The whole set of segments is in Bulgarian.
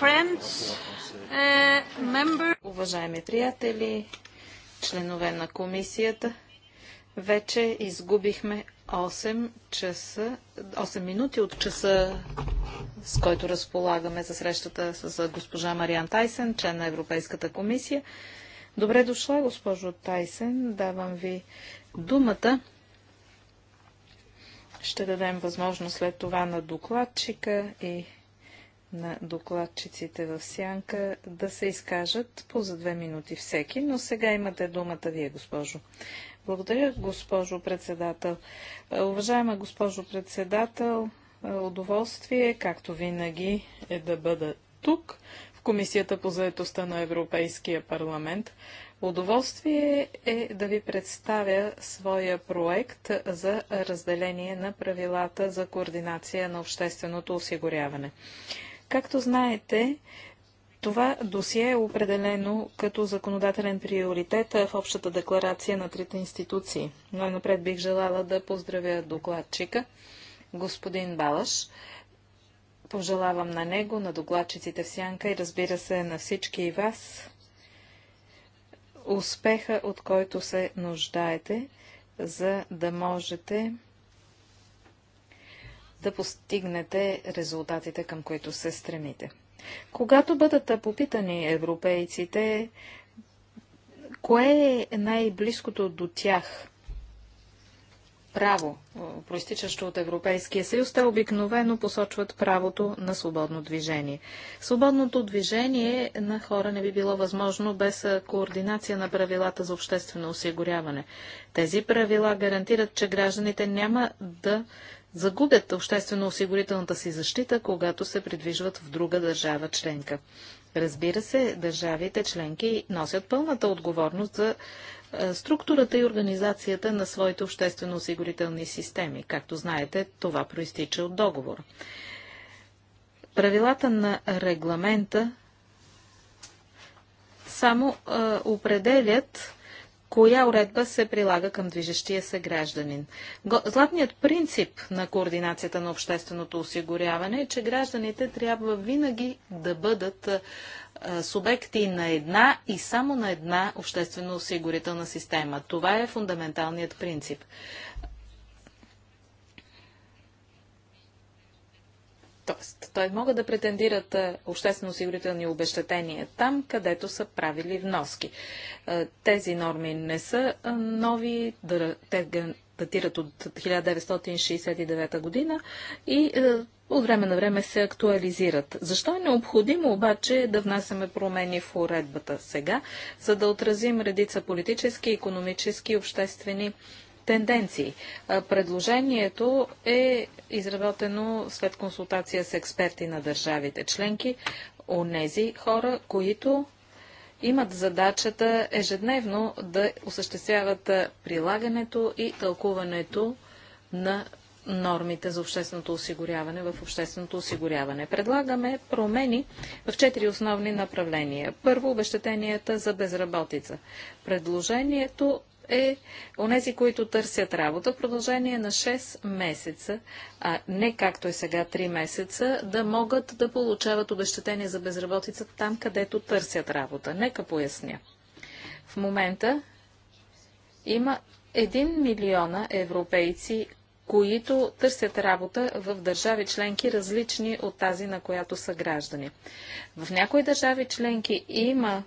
friends, uh, member... Уважаеми приятели, членове на комисията, вече изгубихме 8 часа, 8 минути от часа, с който разполагаме за срещата с госпожа Мариан Тайсен, член на Европейската комисия. Добре дошла, госпожо Тайсен. Давам ви думата. Ще дадем възможност след това на докладчика и на докладчиците в сянка да се изкажат по за две минути всеки, но сега имате думата вие, госпожо. Благодаря, госпожо председател. Е, уважаема госпожо председател, е, удоволствие, както винаги, е да бъда тук, в Комисията по заедостта на Европейския парламент. Удоволствие е да ви представя своя проект за разделение на правилата за координация на общественото осигуряване. Както знаете, това досие е определено като законодателен приоритет в общата декларация на трите институции. Но напред бих желала да поздравя докладчика, господин Балаш. Пожелавам на него, на докладчиците в Сянка и разбира се на всички и вас успеха, от който се нуждаете, за да можете да постигнете резултатите, към които се стремите. Когато бъдат попитани европейците, кое е най-близкото до тях право, проистичащо от Европейския съюз, те обикновено посочват правото на свободно движение. Свободното движение на хора не би било възможно без координация на правилата за обществено осигуряване. Тези правила гарантират, че гражданите няма да загубят обществено-осигурителната си защита, когато се придвижват в друга държава членка. Разбира се, държавите членки носят пълната отговорност за структурата и организацията на своите обществено-осигурителни системи. Както знаете, това проистича от договор. Правилата на регламента само определят коя уредба се прилага към движещия се гражданин. Златният принцип на координацията на общественото осигуряване е, че гражданите трябва винаги да бъдат субекти на една и само на една обществено осигурителна система. Това е фундаменталният принцип. Тоест, той могат да претендират е, обществено-осигурителни обещетения там, където са правили вноски. Е, тези норми не са е, нови, те датират от 1969 година и от време на време се актуализират. Защо е необходимо обаче да внасяме промени в уредбата сега, за да отразим редица политически, економически, обществени тенденции. Предложението е изработено след консултация с експерти на държавите членки, онези хора, които имат задачата ежедневно да осъществяват прилагането и тълкуването на нормите за общественото осигуряване в общественото осигуряване. Предлагаме промени в четири основни направления. Първо, обещетенията за безработица. Предложението е онези, които търсят работа в продължение на 6 месеца, а не както е сега 3 месеца, да могат да получават обещетение за безработица там, където търсят работа. Нека поясня. В момента има 1 милиона европейци, които търсят работа в държави членки, различни от тази, на която са граждани. В някои държави членки има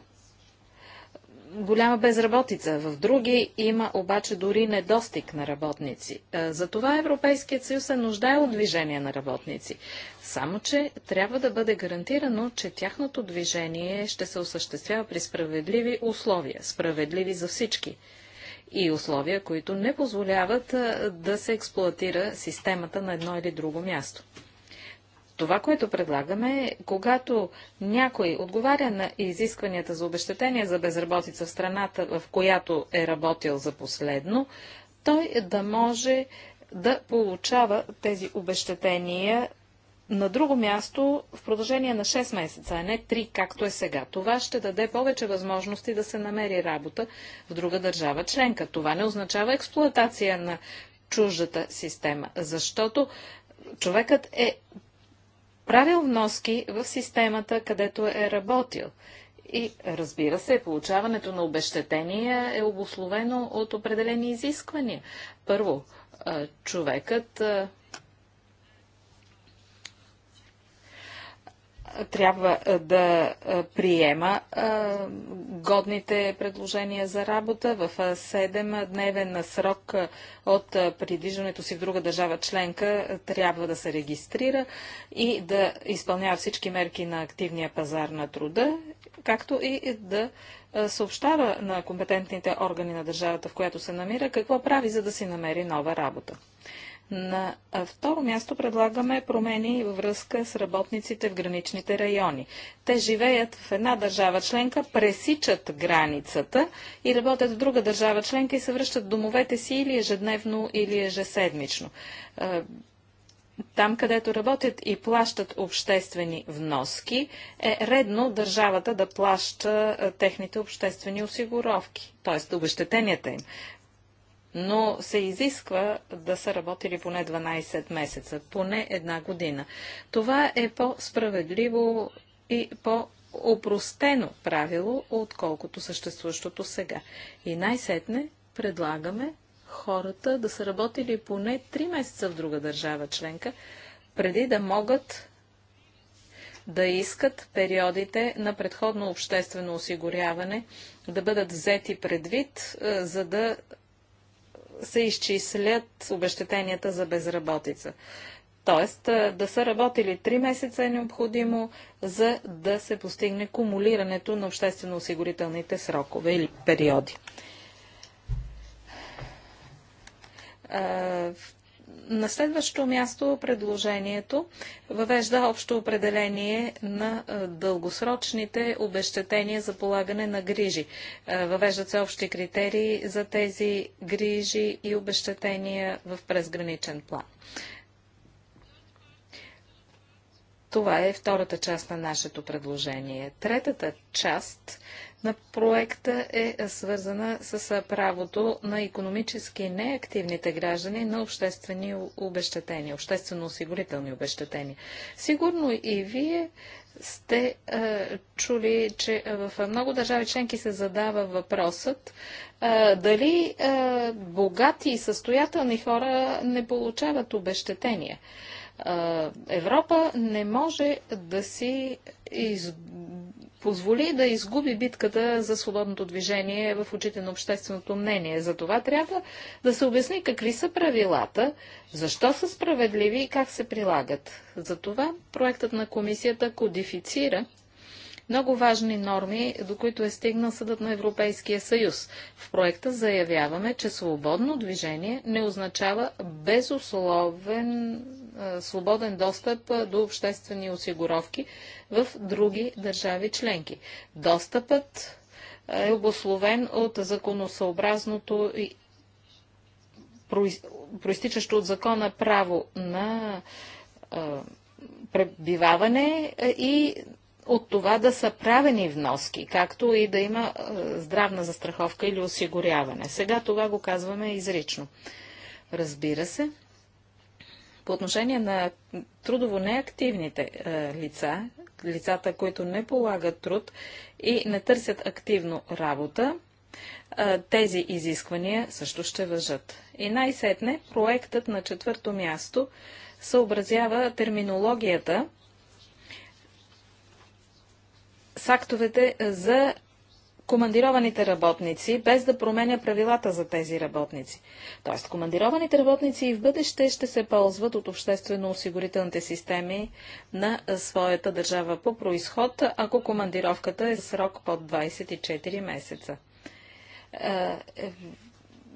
голяма безработица. В други има обаче дори недостиг на работници. Е, затова Европейският съюз се нуждае от движение на работници. Само, че трябва да бъде гарантирано, че тяхното движение ще се осъществява при справедливи условия, справедливи за всички и условия, които не позволяват е, да се експлуатира системата на едно или друго място. Това, което предлагаме е, когато някой отговаря на изискванията за обещетение за безработица в страната, в която е работил за последно, той да може да получава тези обещетения на друго място в продължение на 6 месеца, а не 3, както е сега. Това ще даде повече възможности да се намери работа в друга държава членка. Това не означава експлуатация на чуждата система, защото човекът е правил вноски в системата, където е работил. И разбира се, получаването на обещетение е обословено от определени изисквания. Първо, човекът трябва да приема годните предложения за работа в 7-дневен срок от придвижването си в друга държава членка трябва да се регистрира и да изпълнява всички мерки на активния пазар на труда, както и да съобщава на компетентните органи на държавата, в която се намира, какво прави, за да си намери нова работа. На второ място предлагаме промени във връзка с работниците в граничните райони. Те живеят в една държава членка, пресичат границата и работят в друга държава членка и се връщат домовете си или ежедневно, или ежеседмично там, където работят и плащат обществени вноски, е редно държавата да плаща техните обществени осигуровки, т.е. обещетенията им но се изисква да са работили поне 12 месеца, поне една година. Това е по-справедливо и по- опростено правило, отколкото съществуващото сега. И най-сетне предлагаме хората да са работили поне 3 месеца в друга държава членка, преди да могат да искат периодите на предходно обществено осигуряване да бъдат взети предвид, е, за да се изчислят обещетенията за безработица. Тоест да са работили 3 месеца е необходимо, за да се постигне кумулирането на обществено-осигурителните срокове или периоди. На следващо място предложението въвежда общо определение на е, дългосрочните обещетения за полагане на грижи. Е, въвеждат се общи критерии за тези грижи и обещетения в презграничен план. Това е втората част на нашето предложение. Третата част на проекта е свързана с правото на економически неактивните граждани на обществени обещетения, обществено-осигурителни обещетения. Сигурно и вие сте е, чули, че в много държави членки се задава въпросът е, дали е, богати и състоятелни хора не получават обещетения. Европа не може да си из... позволи да изгуби битката за свободното движение в очите на общественото мнение. За това трябва да се обясни какви са правилата, защо са справедливи и как се прилагат. За това проектът на комисията кодифицира много важни норми, до които е стигнал Съдът на Европейския съюз. В проекта заявяваме, че свободно движение не означава безусловен свободен достъп до обществени осигуровки в други държави членки. Достъпът е обословен от законосъобразното и проистичащо от закона право на пребиваване и от това да са правени вноски, както и да има здравна застраховка или осигуряване. Сега това го казваме изрично. Разбира се, по отношение на трудово неактивните е, лица, лицата, които не полагат труд и не търсят активно работа, е, тези изисквания също ще въжат. И най-сетне проектът на четвърто място съобразява терминологията с актовете за командированите работници, без да променя правилата за тези работници. Тоест, командированите работници и в бъдеще ще се ползват от обществено-осигурителните системи на своята държава по происход, ако командировката е срок под 24 месеца. Е,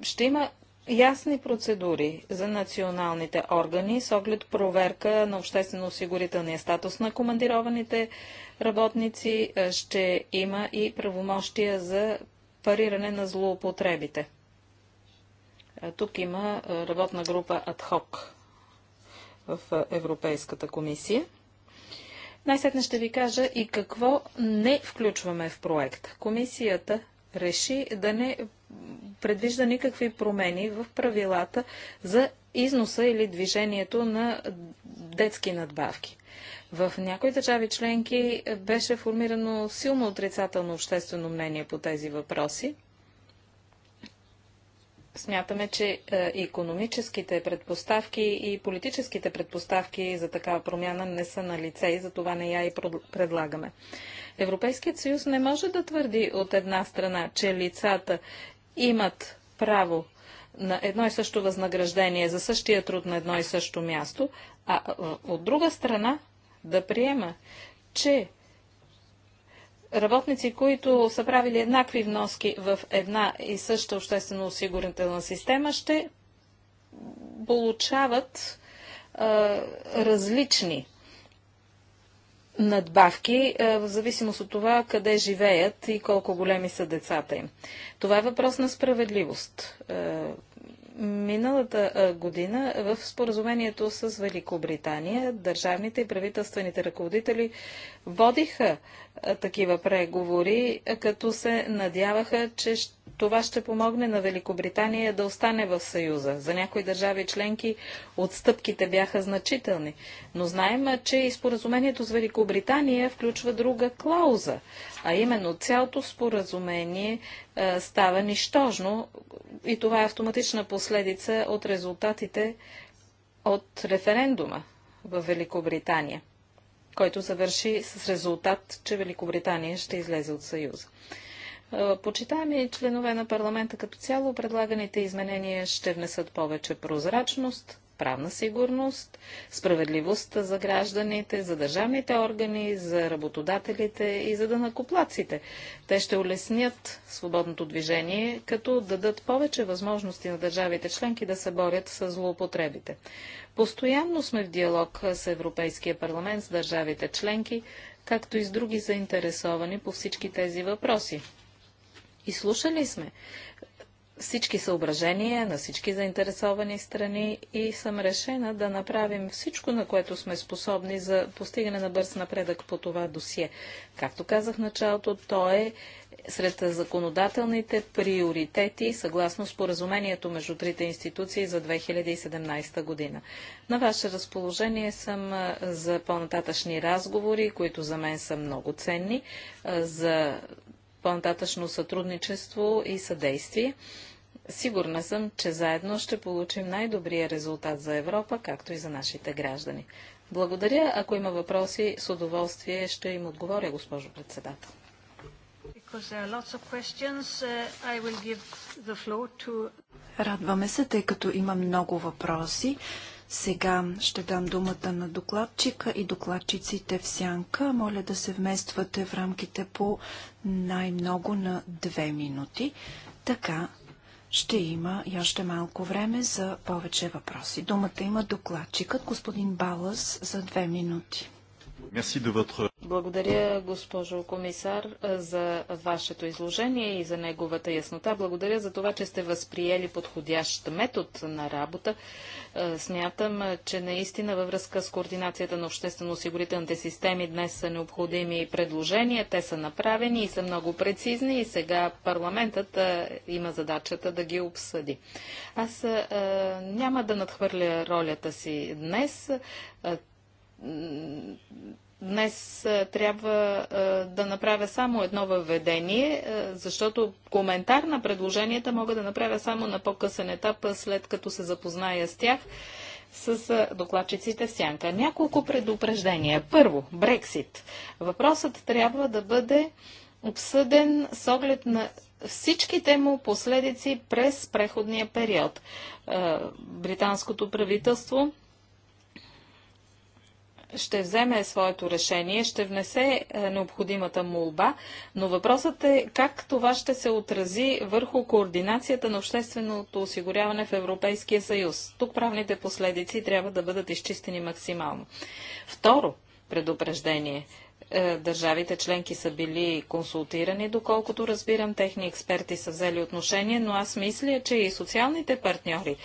ще има ясни процедури за националните органи с оглед проверка на обществено-осигурителния статус на командированите работници. Ще има и правомощия за париране на злоупотребите. Тук има работна група АДХОК в Европейската комисия. Най-сетне ще ви кажа и какво не включваме в проект. Комисията реши да не предвижда никакви промени в правилата за износа или движението на детски надбавки. В някои държави членки беше формирано силно отрицателно обществено мнение по тези въпроси. Смятаме, че економическите предпоставки и политическите предпоставки за такава промяна не са на лице и за това не я и предлагаме. Европейският съюз не може да твърди от една страна, че лицата имат право на едно и също възнаграждение за същия труд на едно и също място, а от друга страна да приема, че работници, които са правили еднакви вноски в една и съща обществено осигурителна система, ще получават а, различни надбавки, е, в зависимост от това къде живеят и колко големи са децата им. Това е въпрос на справедливост. Е, миналата е, година в споразумението с Великобритания държавните и правителствените ръководители водиха е, такива преговори, е, като се надяваха, че това ще помогне на Великобритания да остане в Съюза. За някои държави членки отстъпките бяха значителни. Но знаем, е, че и споразумението с Великобритания включва друга клауза, а именно цялото споразумение става нищожно и това е автоматична последица от резултатите от референдума в Великобритания който завърши с резултат, че Великобритания ще излезе от Съюза. Е, почитаеми членове на парламента като цяло, предлаганите изменения ще внесат повече прозрачност, правна сигурност, справедливост за гражданите, за държавните органи, за работодателите и за данакоплаците. Те ще улеснят свободното движение, като дадат повече възможности на държавите членки да се борят с злоупотребите. Постоянно сме в диалог с Европейския парламент, с държавите членки, както и с други заинтересовани по всички тези въпроси. И слушали сме всички съображения на всички заинтересовани страни и съм решена да направим всичко, на което сме способни за постигане на бърз напредък по това досие. Както казах в началото, то е сред законодателните приоритети съгласно споразумението между трите институции за 2017 година. На ваше разположение съм за по-нататъчни разговори, които за мен са много ценни, за по-нататъчно сътрудничество и съдействие. Сигурна съм, че заедно ще получим най-добрия резултат за Европа, както и за нашите граждани. Благодаря. Ако има въпроси, с удоволствие ще им отговоря, госпожо председател. Uh, Радваме се, тъй като има много въпроси. Сега ще дам думата на докладчика и докладчиците в сянка. Моля да се вмествате в рамките по най-много на две минути. Така ще има и още малко време за повече въпроси. Думата има докладчикът господин Балас за две минути. Благодаря, госпожо комисар, за вашето изложение и за неговата яснота. Благодаря за това, че сте възприели подходящ метод на работа. Е, смятам, че наистина във връзка с координацията на обществено-осигурителните системи днес са необходими предложения. Те са направени и са много прецизни и сега парламентът е, има задачата да ги обсъди. Аз е, няма да надхвърля ролята си днес днес е, трябва е, да направя само едно въведение, е, защото коментар на предложенията мога да направя само на по-късен етап, след като се запозная с тях с докладчиците в сянка. Няколко предупреждения. Първо, Брексит. Въпросът трябва да бъде обсъден с оглед на всичките му последици през преходния период. Британското правителство ще вземе своето решение, ще внесе е, необходимата молба, но въпросът е как това ще се отрази върху координацията на общественото осигуряване в Европейския съюз. Тук правните последици трябва да бъдат изчистени максимално. Второ предупреждение е, държавите членки са били консултирани, доколкото разбирам, техни експерти са взели отношение, но аз мисля, че и социалните партньори,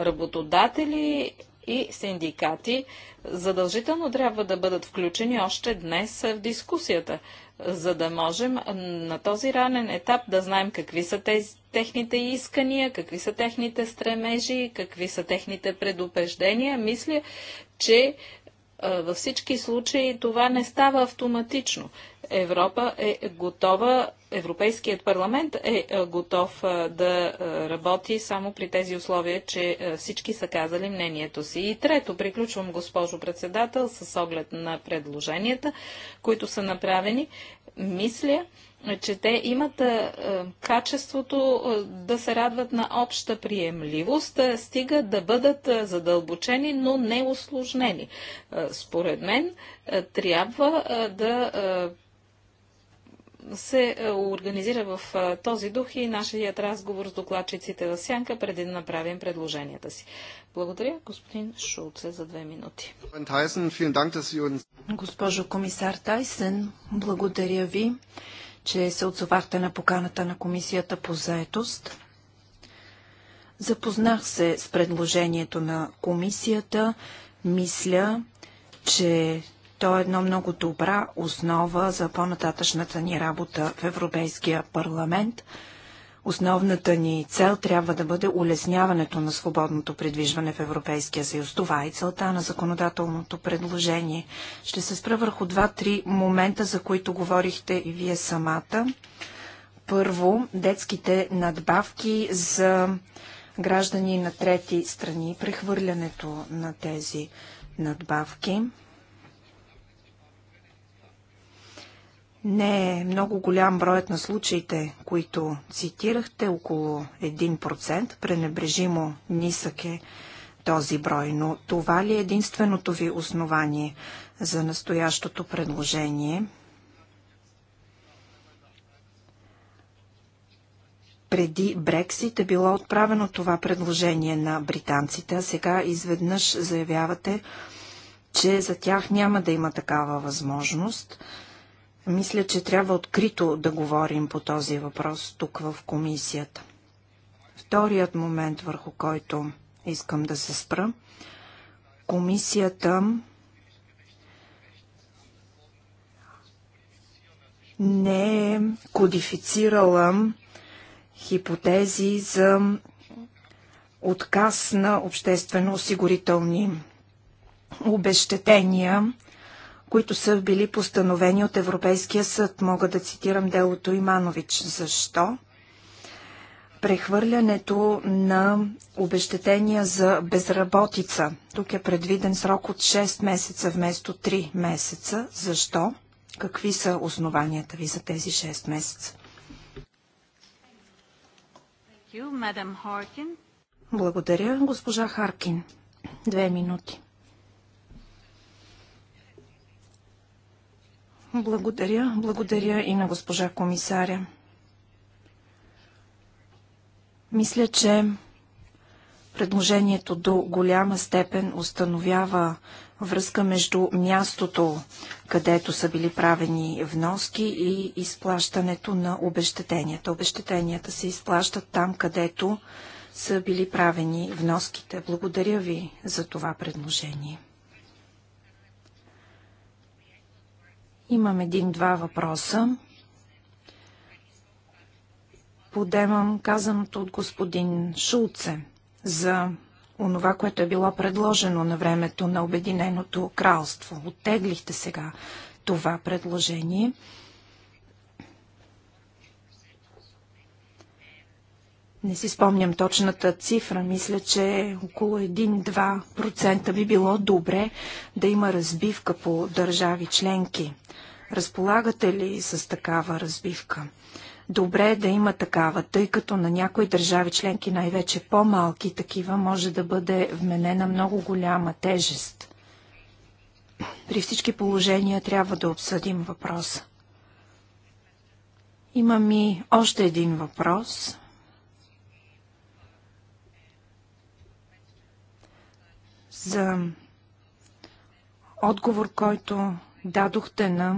работодатели и синдикати задължително трябва да бъдат включени още днес в дискусията, за да можем на този ранен етап да знаем какви са тези, техните искания, какви са техните стремежи, какви са техните предупреждения. Мисля, че е, във всички случаи това не става автоматично. Европа е готова Европейският парламент е, е готов е, да е, работи само при тези условия, че всички са казали мнението си. И трето, приключвам, госпожо председател, с оглед на предложенията, които са направени. Мисля, че те имат качеството да се радват на обща приемливост, стига да бъдат задълбочени, но не осложнени. Според мен трябва да се е, организира в е, този дух и нашият разговор с докладчиците в Сянка, преди да направим предложенията си. Благодаря, господин Шулце, за две минути. Госпожо комисар Тайсен, благодаря ви, че се отзовахте на поканата на Комисията по заетост. Запознах се с предложението на комисията. Мисля, че то е едно много добра основа за по-нататъчната ни работа в Европейския парламент. Основната ни цел трябва да бъде улесняването на свободното придвижване в Европейския съюз. Това е целта на законодателното предложение. Ще се спра върху два-три момента, за които говорихте и вие самата. Първо, детските надбавки за граждани на трети страни, прехвърлянето на тези надбавки. Не е много голям броят на случаите, които цитирахте, около 1%. Пренебрежимо нисък е този брой, но това ли е единственото ви основание за настоящото предложение? преди Брексит е било отправено това предложение на британците, а сега изведнъж заявявате, че за тях няма да има такава възможност. Мисля, че трябва открито да говорим по този въпрос тук в комисията. Вторият момент, върху който искам да се спра, комисията не е кодифицирала хипотези за отказ на обществено-осигурителни обещетения които са били постановени от Европейския съд. Мога да цитирам делото Иманович. Защо? Прехвърлянето на обещетения за безработица. Тук е предвиден срок от 6 месеца вместо 3 месеца. Защо? Какви са основанията ви за тези 6 месеца? Благодаря, госпожа Харкин. Две минути. Благодаря. Благодаря и на госпожа комисаря. Мисля, че предложението до голяма степен установява връзка между мястото, където са били правени вноски и изплащането на обещетенията. Обещетенията се изплащат там, където са били правени вноските. Благодаря ви за това предложение. Имам един-два въпроса. Подемам казаното от господин Шулце за онова, което е било предложено на времето на Обединеното кралство. Оттеглихте сега това предложение. Не си спомням точната цифра. Мисля, че около 1-2% би било добре да има разбивка по държави членки. Разполагате ли с такава разбивка? Добре е да има такава, тъй като на някои държави членки, най-вече по-малки такива, може да бъде вменена много голяма тежест. При всички положения трябва да обсъдим въпроса. Имам и още един въпрос – за отговор, който дадохте на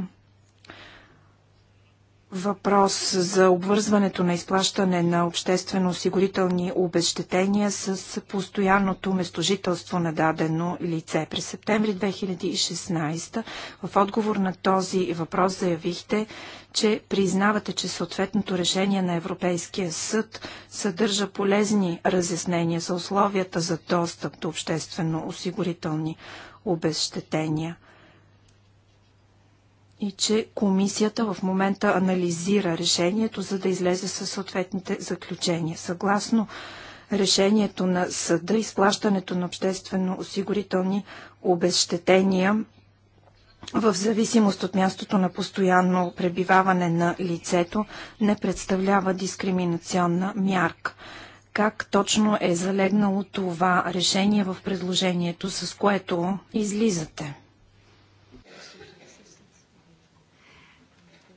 въпрос за обвързването на изплащане на обществено-осигурителни обещетения с постоянното местожителство на дадено лице. През септември 2016 в отговор на този въпрос заявихте, че признавате, че съответното решение на Европейския съд съдържа полезни разяснения за условията за достъп до обществено осигурителни обезщетения и че комисията в момента анализира решението, за да излезе със съответните заключения. Съгласно решението на съда, изплащането на обществено осигурителни обезщетения в зависимост от мястото на постоянно пребиваване на лицето, не представлява дискриминационна мярка. Как точно е залегнало това решение в предложението, с което излизате?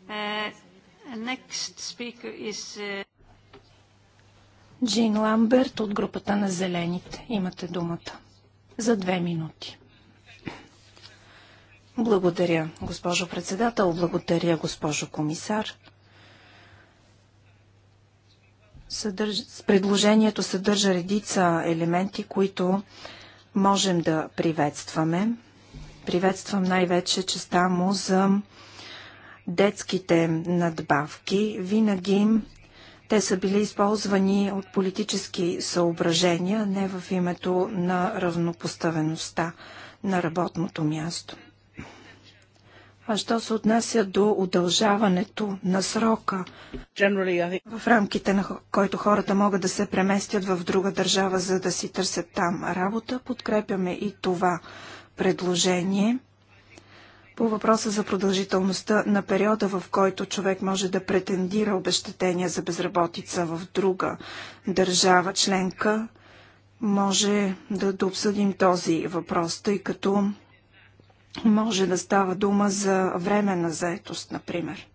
Uh, uh, Джин Ламберт от групата на Зелените. Имате думата. За две минути. Благодаря, госпожо председател. Благодаря, госпожо комисар. Съдърж... Предложението съдържа редица елементи, които можем да приветстваме. Приветствам най-вече честа му за детските надбавки. Винаги те са били използвани от политически съображения, не в името на равнопоставеността на работното място. А що се отнася до удължаването на срока, в рамките на който хората могат да се преместят в друга държава, за да си търсят там работа, подкрепяме и това предложение. По въпроса за продължителността на периода, в който човек може да претендира обещетения за безработица в друга държава членка, може да, да обсъдим този въпрос, тъй като може да става дума за време на заетост, например.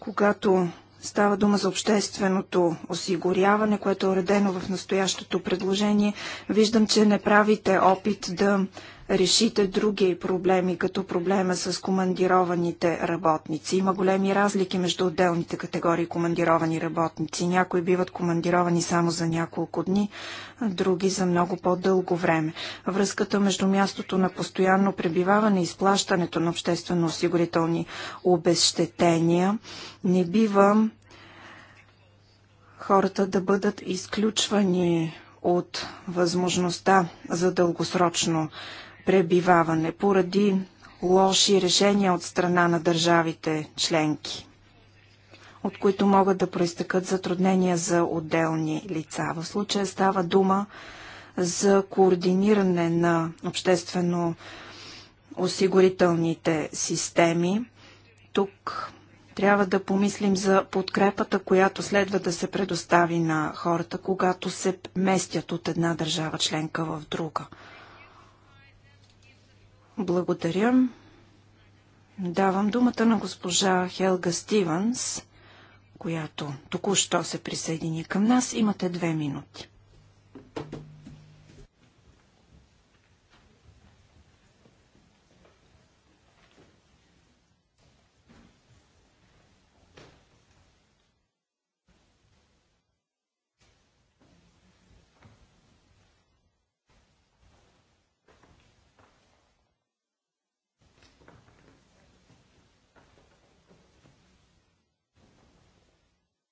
Когато Става дума за общественото осигуряване, което е уредено в настоящото предложение. Виждам, че не правите опит да решите други проблеми, като проблема с командированите работници. Има големи разлики между отделните категории командировани работници. Някои биват командировани само за няколко дни, а други за много по-дълго време. Връзката между мястото на постоянно пребиваване и изплащането на обществено-осигурителни обезщетения не бива хората да бъдат изключвани от възможността за дългосрочно пребиваване поради лоши решения от страна на държавите членки, от които могат да проистъкат затруднения за отделни лица. В случая става дума за координиране на обществено осигурителните системи. Тук трябва да помислим за подкрепата, която следва да се предостави на хората, когато се местят от една държава членка в друга. Благодаря. Давам думата на госпожа Хелга Стивенс, която току-що се присъедини към нас. Имате две минути.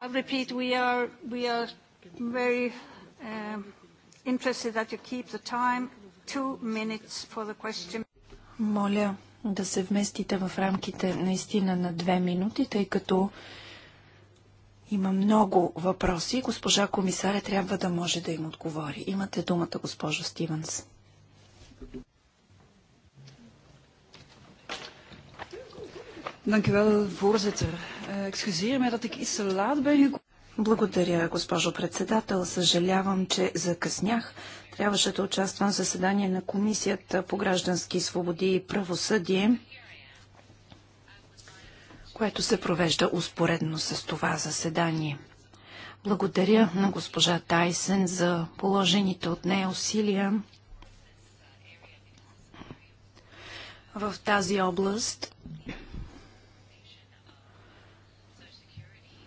I'll repeat, we are, we are very um, interested that you keep the time, two minutes for the question. Моля да се вместите в рамките наистина на две минути, тъй като има много въпроси. Госпожа комисаря трябва да може да им отговори. Имате думата, госпожо Стивенс. Dank u wel, voorzitter. Excuseer me dat ik iets te laat ben gekomen. Благодаря, госпожо председател. Съжалявам, че закъснях. Трябваше да участвам в заседание на Комисията по граждански свободи и правосъдие, което се провежда успоредно с това заседание. Благодаря на госпожа Тайсен за положените от нея усилия в тази област.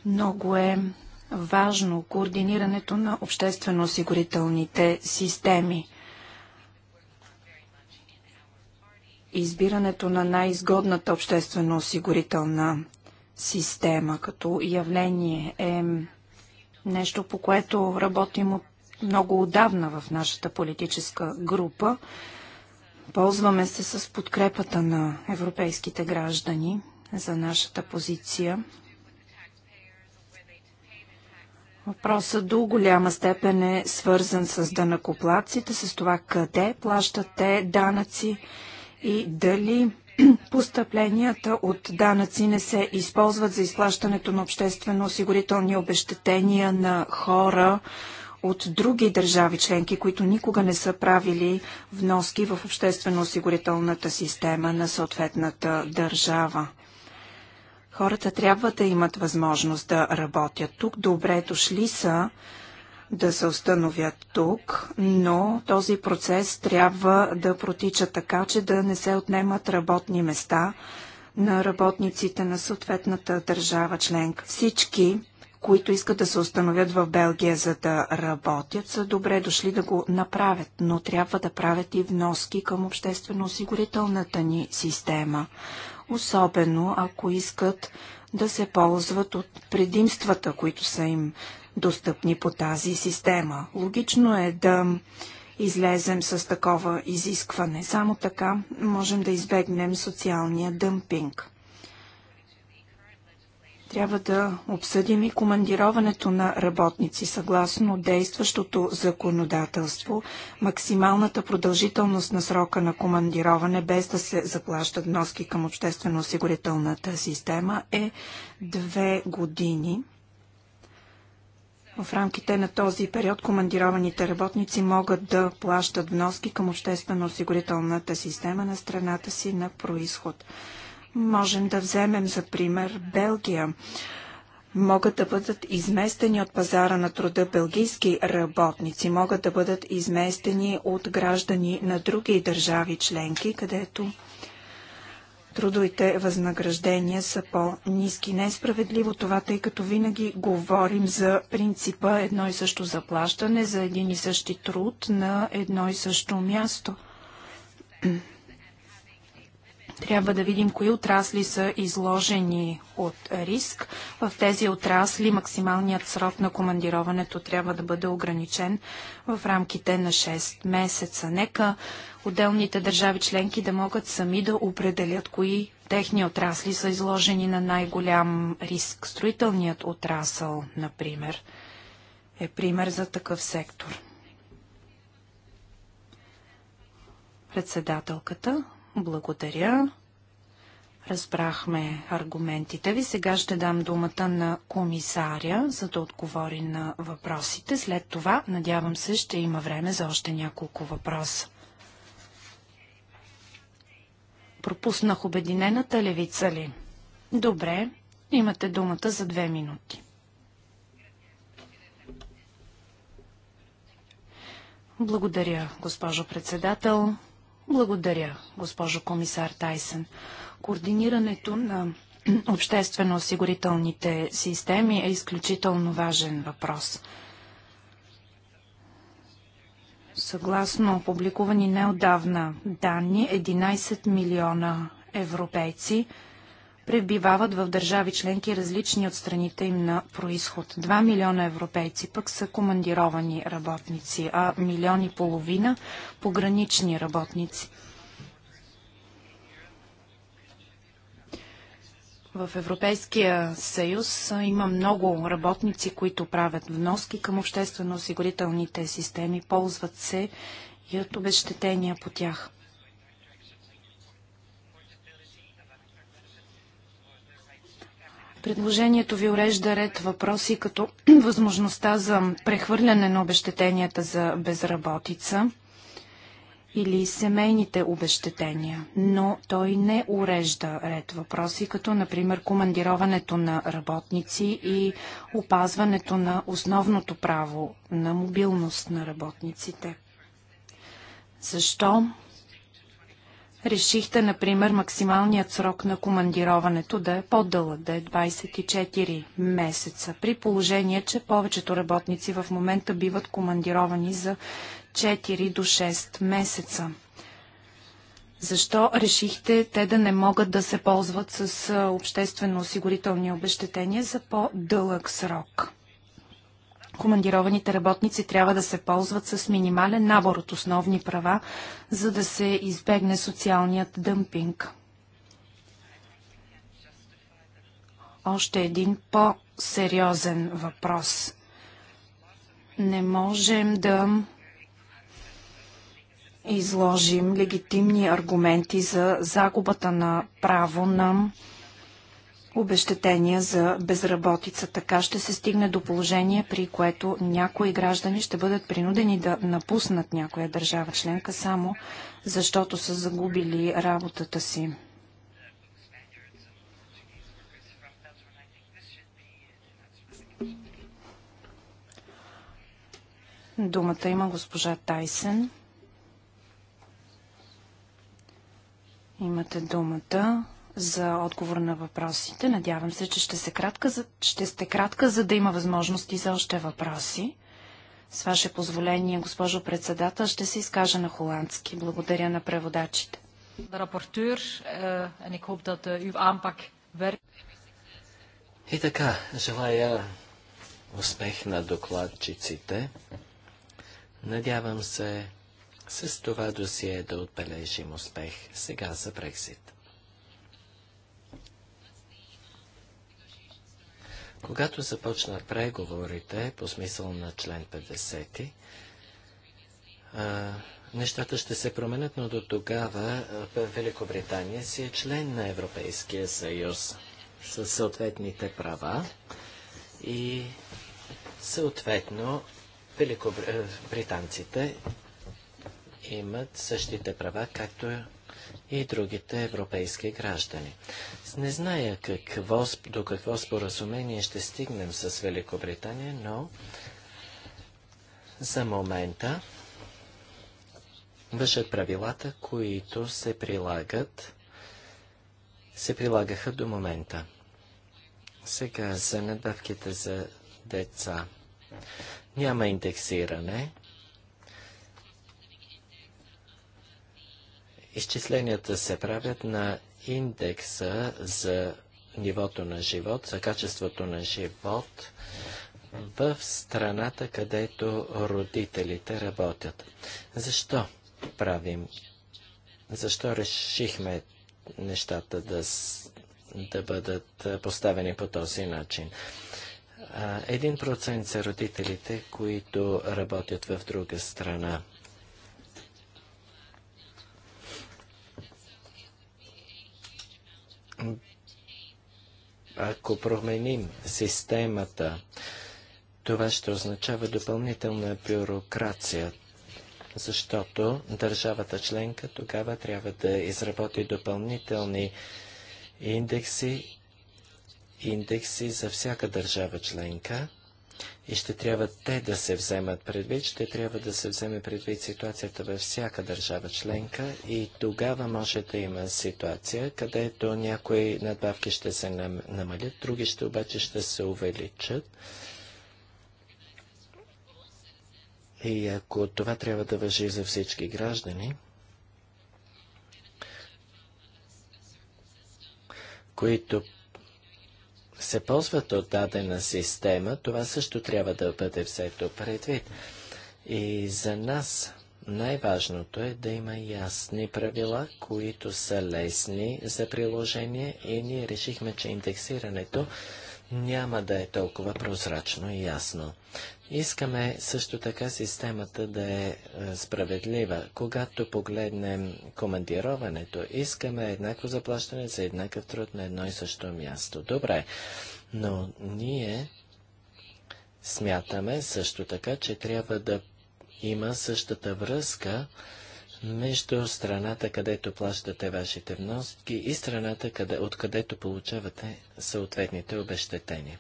Много е важно координирането на обществено-осигурителните системи. Избирането на най-изгодната обществено-осигурителна система като явление е нещо, по което работим от много отдавна в нашата политическа група. Ползваме се с подкрепата на европейските граждани за нашата позиция. Въпросът до голяма степен е свързан с данакоплаците, с това къде плащат те данъци и дали постъпленията от данъци не се използват за изплащането на обществено-осигурителни обещетения на хора от други държави членки, които никога не са правили вноски в обществено-осигурителната система на съответната държава. Хората трябва да имат възможност да работят тук. Добре дошли са да се установят тук, но този процес трябва да протича така, че да не се отнемат работни места на работниците на съответната държава членка. Всички, които искат да се установят в Белгия за да работят, са добре дошли да го направят, но трябва да правят и вноски към обществено-осигурителната ни система особено ако искат да се ползват от предимствата, които са им достъпни по тази система. Логично е да излезем с такова изискване. Само така можем да избегнем социалния дъмпинг. Трябва да обсъдим и командироването на работници съгласно действащото законодателство. Максималната продължителност на срока на командироване, без да се заплащат вноски към обществено-осигурителната система, е две години. В рамките на този период командированите работници могат да плащат вноски към обществено-осигурителната система на страната си на происход. Можем да вземем за пример Белгия. Могат да бъдат изместени от пазара на труда белгийски работници, могат да бъдат изместени от граждани на други държави членки, където трудовите възнаграждения са по-низки. Не е справедливо това, тъй като винаги говорим за принципа едно и също заплащане за един и същи труд на едно и също място. Трябва да видим кои отрасли са изложени от риск. В тези отрасли максималният срок на командироването трябва да бъде ограничен в рамките на 6 месеца. Нека отделните държави членки да могат сами да определят кои техни отрасли са изложени на най-голям риск. Строителният отрасъл, например, е пример за такъв сектор. Председателката, благодаря. Разбрахме аргументите ви. Сега ще дам думата на комисаря, за да отговори на въпросите. След това, надявам се, ще има време за още няколко въпроса. Пропуснах обединената левица ли? Добре, имате думата за две минути. Благодаря, госпожо председател. Благодаря, госпожо комисар Тайсен. Координирането на обществено-осигурителните системи е изключително важен въпрос. Съгласно публикувани неодавна данни, 11 милиона европейци – пребивават в държави членки различни от страните им на происход. 2 милиона европейци пък са командировани работници, а милион и половина погранични работници. В Европейския съюз има много работници, които правят вноски към обществено-осигурителните системи, ползват се и от обещетения по тях. Предложението ви урежда ред въпроси като възможността за прехвърляне на обещетенията за безработица или семейните обещетения, но той не урежда ред въпроси, като например командироването на работници и опазването на основното право на мобилност на работниците. Защо Решихте, например, максималният срок на командироването да е по-дълъг, да е 24 месеца, при положение, че повечето работници в момента биват командировани за 4 до 6 месеца. Защо решихте те да не могат да се ползват с обществено осигурителни обещетения за по-дълъг срок? командированите работници трябва да се ползват с минимален набор от основни права, за да се избегне социалният дъмпинг. Още един по-сериозен въпрос. Не можем да изложим легитимни аргументи за загубата на право на обещетения за безработица. Така ще се стигне до положение, при което някои граждани ще бъдат принудени да напуснат някоя държава членка само защото са загубили работата си. Думата има госпожа Тайсен. Имате думата за отговор на въпросите. Надявам се, че ще, се кратка, за... ще сте кратка, за да има възможности за още въпроси. С ваше позволение, госпожо председател, ще се изкажа на холандски. Благодаря на преводачите. Eh, eh, И така, желая успех на докладчиците. Надявам се с това досие да отбележим успех сега за Брексит. Когато започнат преговорите по смисъл на член 50, нещата ще се променят, но до тогава Великобритания си е член на Европейския съюз със съответните права и съответно великобританците имат същите права, както и другите европейски граждани. Не зная какво, до какво споразумение ще стигнем с Великобритания, но за момента въжат правилата, които се прилагат, се прилагаха до момента. Сега за надбавките за деца. Няма индексиране, Изчисленията се правят на индекса за нивото на живот, за качеството на живот в страната, където родителите работят. Защо правим? Защо решихме нещата да, да бъдат поставени по този начин? Един процент са родителите, които работят в друга страна. ако променим системата, това ще означава допълнителна бюрокрация, защото държавата членка тогава трябва да изработи допълнителни индекси, индекси за всяка държава членка и ще трябва те да се вземат предвид, ще трябва да се вземе предвид ситуацията във всяка държава членка и тогава може да има ситуация, където някои надбавки ще се намалят, други ще обаче ще се увеличат. И ако това трябва да въжи за всички граждани, които се ползват от дадена система, това също трябва да бъде взето предвид. И за нас най-важното е да има ясни правила, които са лесни за приложение и ние решихме, че индексирането няма да е толкова прозрачно и ясно. Искаме също така системата да е, е справедлива. Когато погледнем командироването, искаме еднакво заплащане за еднакъв труд на едно и също място. Добре, но ние смятаме също така, че трябва да има същата връзка между страната, където плащате вашите вноски и страната, откъдето получавате съответните обещетения.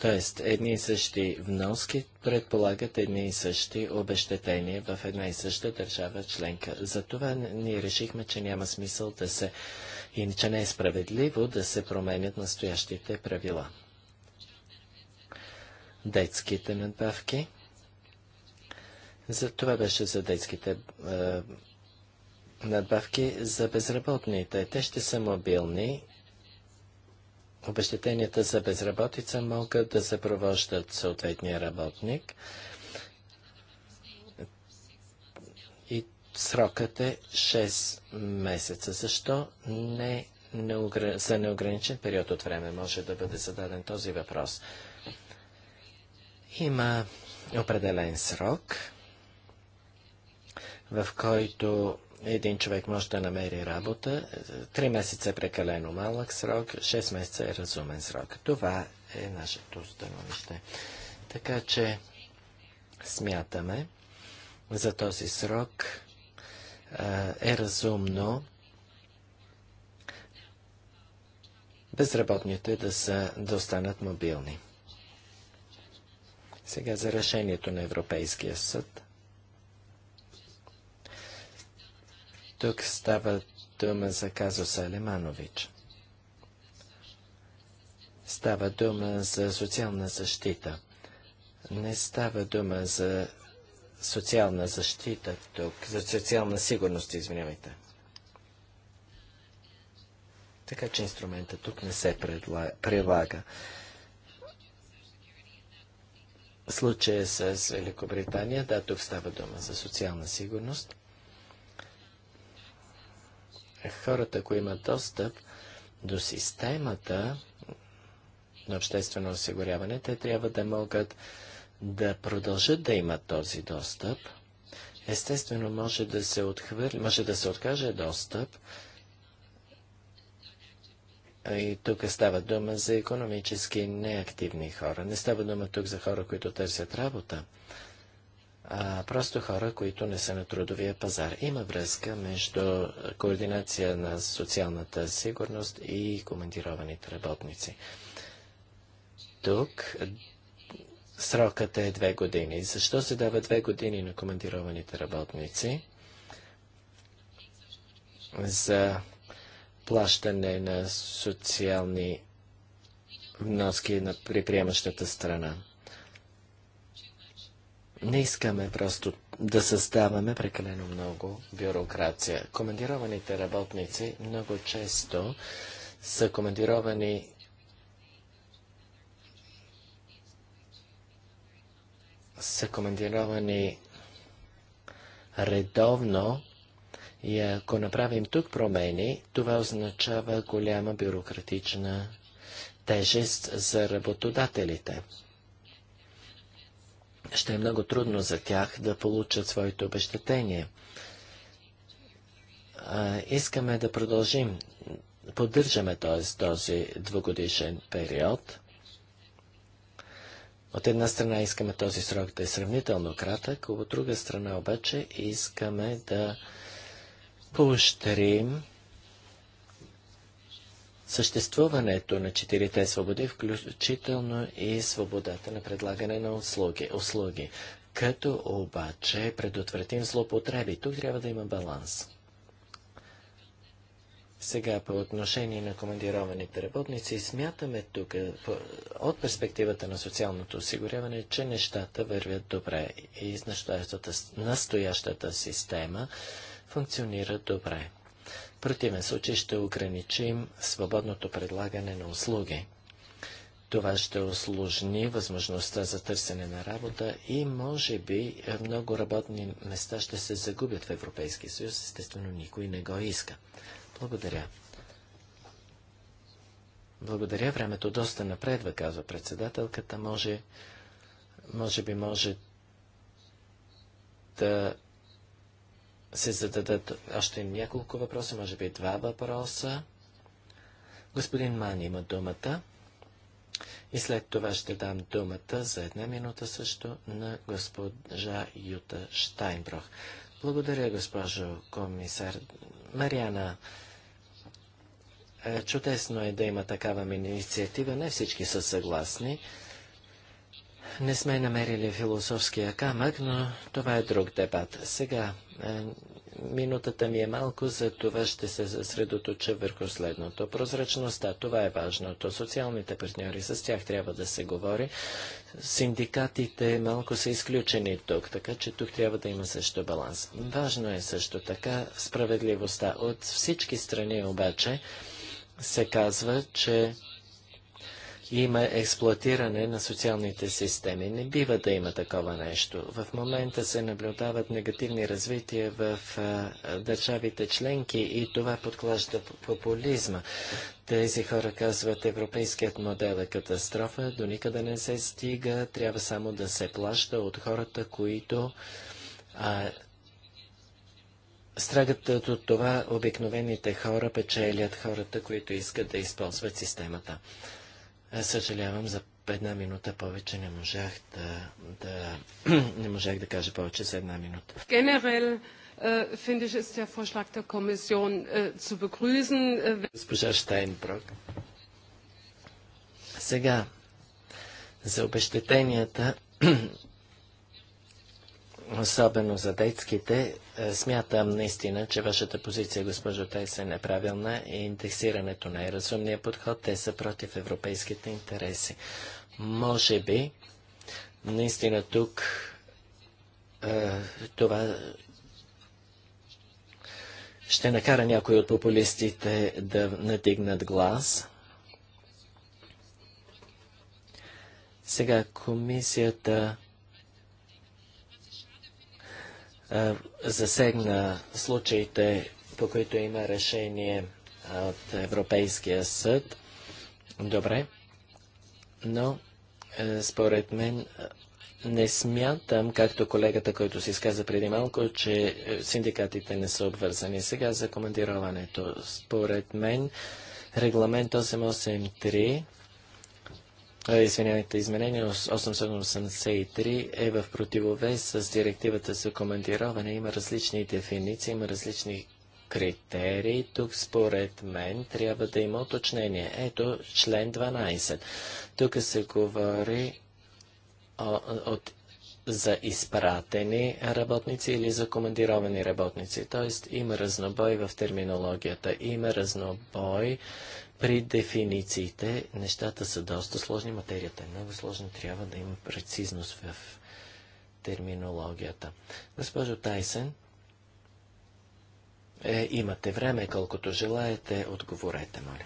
Тоест, едни и същи вноски предполагат едни и същи обещетения в една и съща държава членка. Затова ние решихме, че няма смисъл да се и че не е справедливо да се променят настоящите правила. Детските надбавки. За това беше за детските е, надбавки за безработните. Те ще са мобилни обещетенията за безработица могат да съпровождат съответния работник и срокът е 6 месеца. Защо не за неограничен период от време може да бъде зададен този въпрос? Има определен срок, в който един човек може да намери работа. Три месеца е прекалено малък срок, 6 месеца е разумен срок. Това е нашето становище. Така че смятаме за този срок е разумно безработните да, са, да останат мобилни. Сега за решението на Европейския съд – Тук става дума за казуса Леманович. Става дума за социална защита. Не става дума за социална защита тук, за социална сигурност, извинявайте. Така че инструмента тук не се прилага. Случая с Великобритания, да, тук става дума за социална сигурност хората, които имат достъп до системата на обществено осигуряване, те трябва да могат да продължат да имат този достъп. Естествено, може да се, отхвърли, може да се откаже достъп. И тук става дума за економически неактивни хора. Не става дума тук за хора, които търсят работа а просто хора, които не са на трудовия пазар. Има връзка между координация на социалната сигурност и командированите работници. Тук срокът е две години. Защо се дава две години на командированите работници? За плащане на социални вноски на приприемащата приемащата страна. Не искаме просто да създаваме прекалено много бюрокрация. Командированите работници много често са командировани са командировани редовно и ако направим тук промени, това означава голяма бюрократична тежест за работодателите ще е много трудно за тях да получат своите обещетение. А, искаме да продължим. Поддържаме т.е. този двугодишен период. От една страна искаме този срок да е сравнително кратък, от друга страна обаче искаме да поощрим съществуването на четирите свободи, включително и свободата на предлагане на услуги. услуги. Като обаче предотвратим злоупотреби, тук трябва да има баланс. Сега по отношение на командированите работници, смятаме тук е, от перспективата на социалното осигуряване, че нещата вървят добре и настоящата, настоящата система функционира добре противен случай ще ограничим свободното предлагане на услуги. Това ще осложни възможността за търсене на работа и може би е, много работни места ще се загубят в Европейския съюз. Естествено, никой не го иска. Благодаря. Благодаря, времето доста напредва, казва председателката. Може, може би може да се зададат още няколко въпроса, може би два въпроса. Господин Мани има думата. И след това ще дам думата за една минута също на госпожа Юта Штайнброх. Благодаря, госпожо комисар. Мариана, е, чудесно е да има такава инициатива. Не всички са съгласни. Не сме намерили философския камък, но това е друг дебат. Сега, е, минутата ми е малко, за това ще се съсредоточа върху следното. Прозрачността, това е важното. Социалните партньори, с тях трябва да се говори. Синдикатите малко са изключени тук, така че тук трябва да има също баланс. Важно е също така справедливостта. От всички страни обаче се казва, че има експлуатиране на социалните системи. Не бива да има такова нещо. В момента се наблюдават негативни развития в а, държавите членки и това подклажда популизма. Тези хора казват, европейският модел е катастрофа, до никъде не се стига, трябва само да се плаща от хората, които а, от това обикновените хора печелят хората, които искат да използват системата. Аз Съжалявам за една минута повече не можах да, да не можах да кажа повече за една минута. Генерал äh, finde ich, ist der Vorschlag der Kommission äh, zu begrüßen. Äh, Госпожа Штайнброк. Сега, за обещетенията особено за детските, е, смятам наистина, че вашата позиция, госпожо Тайс е неправилна и индексирането на е разумния подход. Те са против европейските интереси. Може би, наистина тук е, това ще накара някои от популистите да надигнат глас. Сега комисията засегна случаите, по които има решение от Европейския съд. Добре. Но, според мен, не смятам, както колегата, който си изказа преди малко, че синдикатите не са обвързани. Сега за командироването. Според мен, регламент 883 Извинявайте, изменение 883 е в противовес с директивата за командироване. Има различни дефиниции, има различни критерии. Тук според мен трябва да има уточнение. Ето член 12. Тук се говори о, от, за изпратени работници или за командировани работници. Тоест има разнобой в терминологията. Има разнобой при дефинициите нещата са доста сложни, материята е много сложна, трябва да има прецизност в терминологията. Госпожо Тайсен, е, имате време, колкото желаете, отговорете, моля.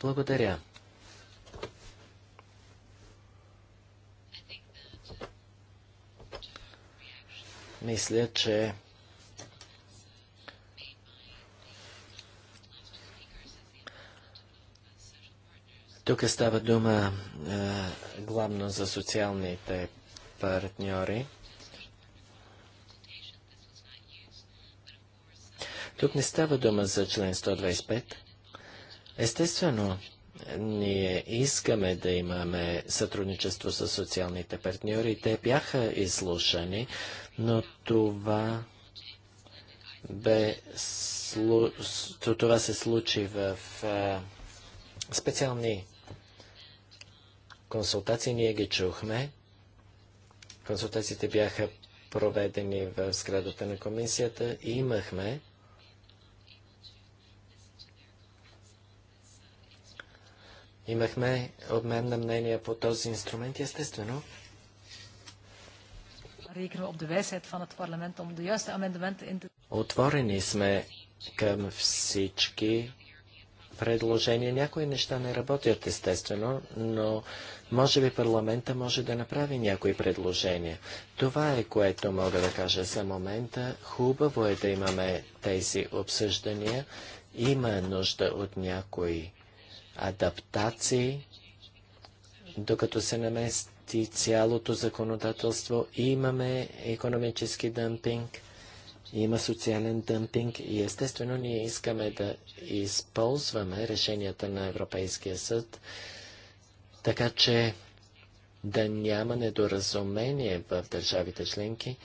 Благодаря. Мисля, че Тук става дума е, главно за социалните партньори. Тук не става дума за член 125. Естествено, ние искаме да имаме сътрудничество с социалните партньори. Те бяха изслушани, но това бе това се случи в е, специални консултации ние ги чухме. Консултациите бяха проведени в сградата на комисията и имахме Имахме обмен на мнения по този инструмент, естествено. Отворени сме към всички Предложения. Някои неща не работят естествено, но може би парламента може да направи някои предложения. Това е което мога да кажа за момента. Хубаво е да имаме тези обсъждания. Има нужда от някои адаптации, докато се намести цялото законодателство. Имаме економически дъмпинг – има социален дъмпинг и естествено ние искаме да използваме решенията на Европейския съд, така че да няма недоразумение в държавите членки,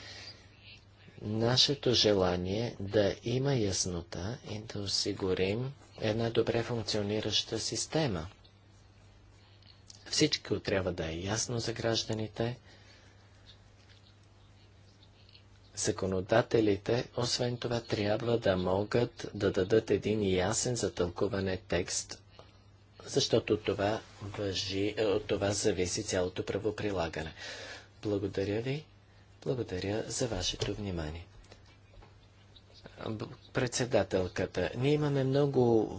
нашето желание е да има яснота и да осигурим една добре функционираща система. Всичко трябва да е ясно за гражданите, Законодателите, освен това, трябва да могат да дадат един ясен за тълкуване текст, защото това въжи, е, от това зависи цялото правоприлагане. Благодаря ви. Благодаря за вашето внимание. Председателката, ние имаме много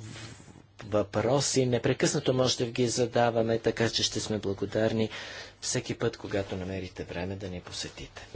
въпроси. Непрекъснато може да ги задаваме, така че ще сме благодарни всеки път, когато намерите време да ни посетите.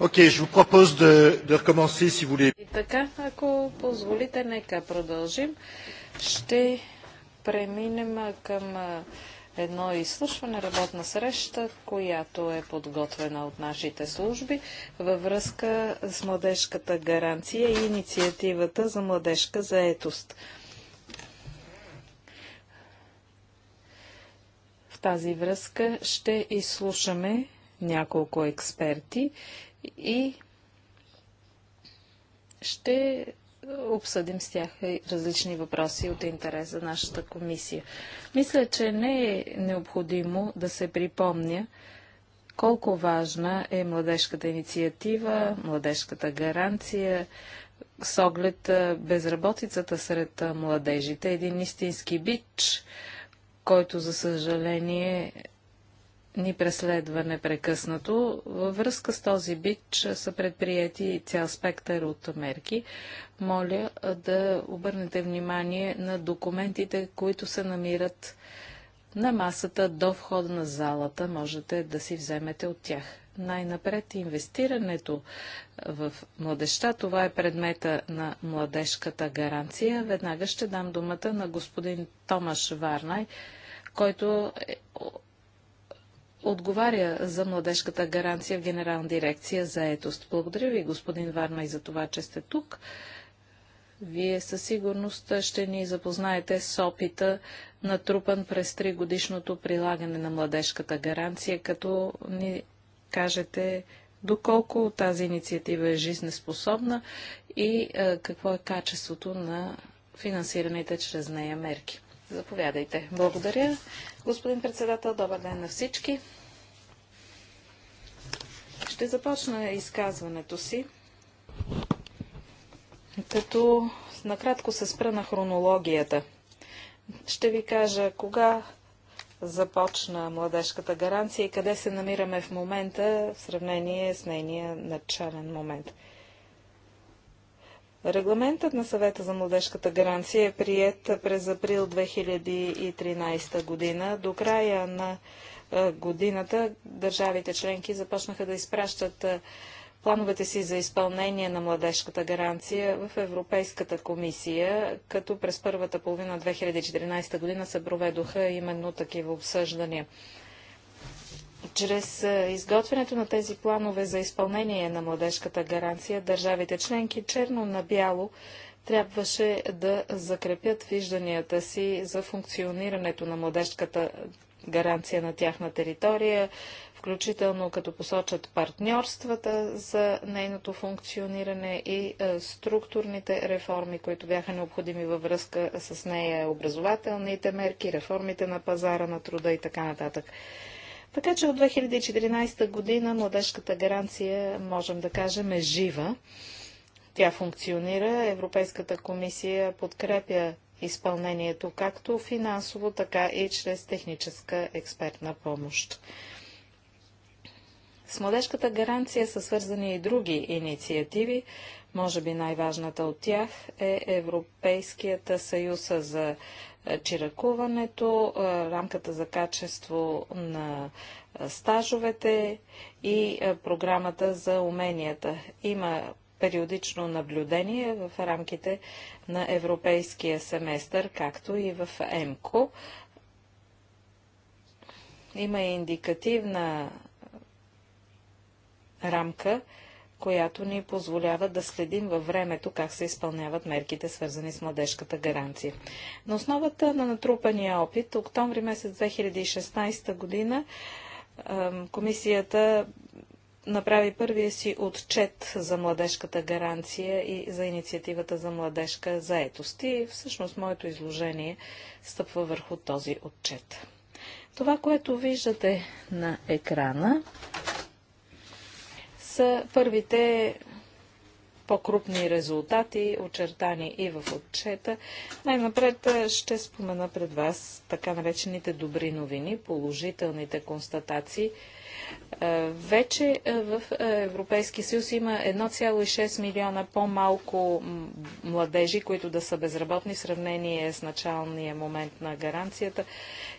Окей, okay, recommencer, И така, ако позволите, нека продължим. Ще преминем към едно изслушване, работна среща, която е подготвена от нашите служби във връзка с младежката гаранция и инициативата за младежка заетост. В тази връзка ще изслушаме няколко експерти и ще обсъдим с тях различни въпроси от интерес за нашата комисия. Мисля, че не е необходимо да се припомня колко важна е младежката инициатива, младежката гаранция, с оглед безработицата сред младежите. Един истински бич, който, за съжаление, ни преследва непрекъснато. Във връзка с този бич са предприяти цял спектър от мерки. Моля да обърнете внимание на документите, които се намират на масата до входа на залата. Можете да си вземете от тях. Най-напред инвестирането в младеща. Това е предмета на младежката гаранция. Веднага ще дам думата на господин Томаш Варнай, който е отговаря за младежката гаранция в Генерална дирекция за етост. Благодаря ви, господин Варна, и за това, че сте тук. Вие със сигурност ще ни запознаете с опита, натрупан през три годишното прилагане на младежката гаранция, като ни кажете доколко тази инициатива е жизнеспособна и е, какво е качеството на финансираните чрез нея мерки. Заповядайте. Благодаря. Господин председател, добър ден на всички. Ще започна изказването си, като накратко се спра на хронологията. Ще ви кажа кога започна младежката гаранция и къде се намираме в момента в сравнение с нейния начален момент – Регламентът на съвета за младежката гаранция е прият през април 2013 година. До края на е, годината държавите членки започнаха да изпращат е, плановете си за изпълнение на младежката гаранция в Европейската комисия, като през първата половина 2014 година се проведоха именно такива обсъждания. Чрез изготвянето на тези планове за изпълнение на младежката гаранция, държавите членки черно на бяло трябваше да закрепят вижданията си за функционирането на младежката гаранция на тяхна територия, включително като посочат партньорствата за нейното функциониране и структурните реформи, които бяха необходими във връзка с нея, образователните мерки, реформите на пазара на труда и така нататък. Така че от 2014 година младежката гаранция, можем да кажем, е жива. Тя функционира. Европейската комисия подкрепя изпълнението както финансово, така и чрез техническа експертна помощ. С младежката гаранция са свързани и други инициативи. Може би най-важната от тях е Европейският съюз за е, чиракуването, е, рамката за качество на е, стажовете и програмата за уменията. Има периодично наблюдение в рамките на европейския семестър, както и в ЕМКО. Има и индикативна рамка която ни позволява да следим във времето как се изпълняват мерките, свързани с младежката гаранция. На основата на натрупания опит, октомври месец 2016 година, комисията направи първия си отчет за младежката гаранция и за инициативата за младежка заетост. И всъщност моето изложение стъпва върху този отчет. Това, което виждате на екрана, са първите по-крупни резултати, очертани и в отчета. Най-напред ще спомена пред вас така наречените добри новини, положителните констатации – е, вече е, в е, Европейски съюз има 1,6 милиона по-малко младежи, които да са безработни в сравнение с началния момент на гаранцията.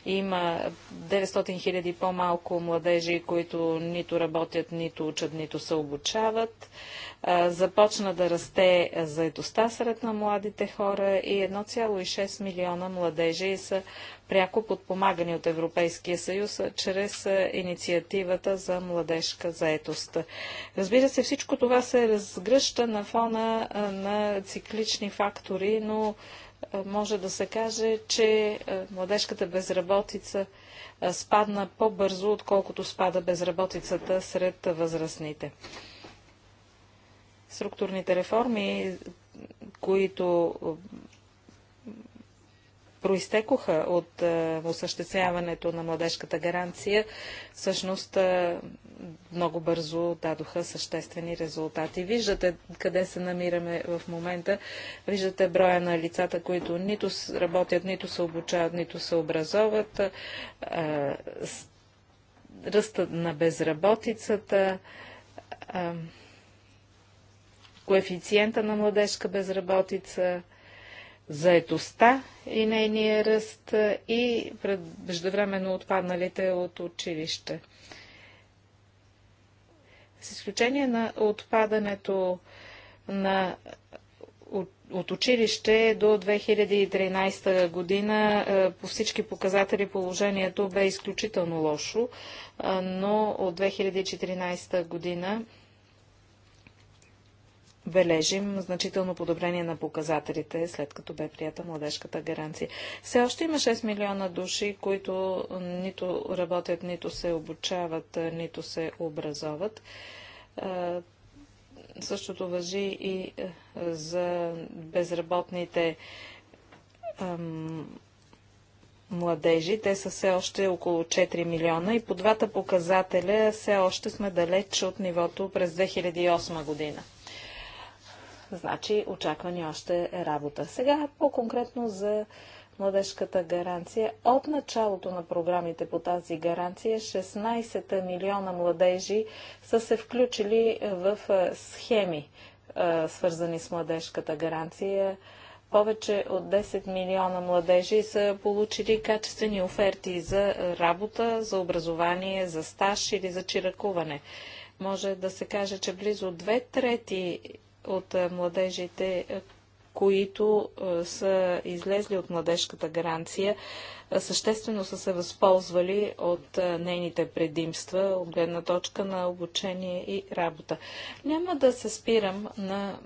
Има 900 хиляди по-малко младежи, които нито работят, нито учат, нито се обучават. Започна да расте заедостта сред на младите хора и 1,6 милиона младежи са пряко подпомагани от Европейския съюз чрез инициативата за младежка заетост. Разбира се, всичко това се разгръща на фона на циклични фактори, но може да се каже, че младежката безработица спадна по-бързо, отколкото спада безработицата сред възрастните. Структурните реформи, които проистекоха от е, осъществяването на младежката гаранция, всъщност е, много бързо дадоха съществени резултати. Виждате къде се намираме в момента. Виждате броя на лицата, които нито работят, нито се обучават, нито се образоват. Е, ръста на безработицата коефициента на младежка безработица, заетостта и нейния ръст и преждевременно отпадналите от училище. С изключение на отпадането на от, от училище до 2013 година по всички показатели положението бе изключително лошо, но от 2014 година бележим значително подобрение на показателите, след като бе прията младежката гаранция. Все още има 6 милиона души, които нито работят, нито се обучават, нито се образоват. Същото въжи и за безработните младежи. Те са все още около 4 милиона и по двата показателя все още сме далеч от нивото през 2008 година. Значи очаква ни още работа. Сега по-конкретно за младежката гаранция. От началото на програмите по тази гаранция 16 милиона младежи са се включили в схеми, свързани с младежката гаранция. Повече от 10 милиона младежи са получили качествени оферти за работа, за образование, за стаж или за чиракуване. Може да се каже, че близо две трети от е, младежите, е, които е, са излезли от младежката гаранция, съществено са се възползвали от нейните предимства от гледна точка на обучение и работа. Няма да се спирам на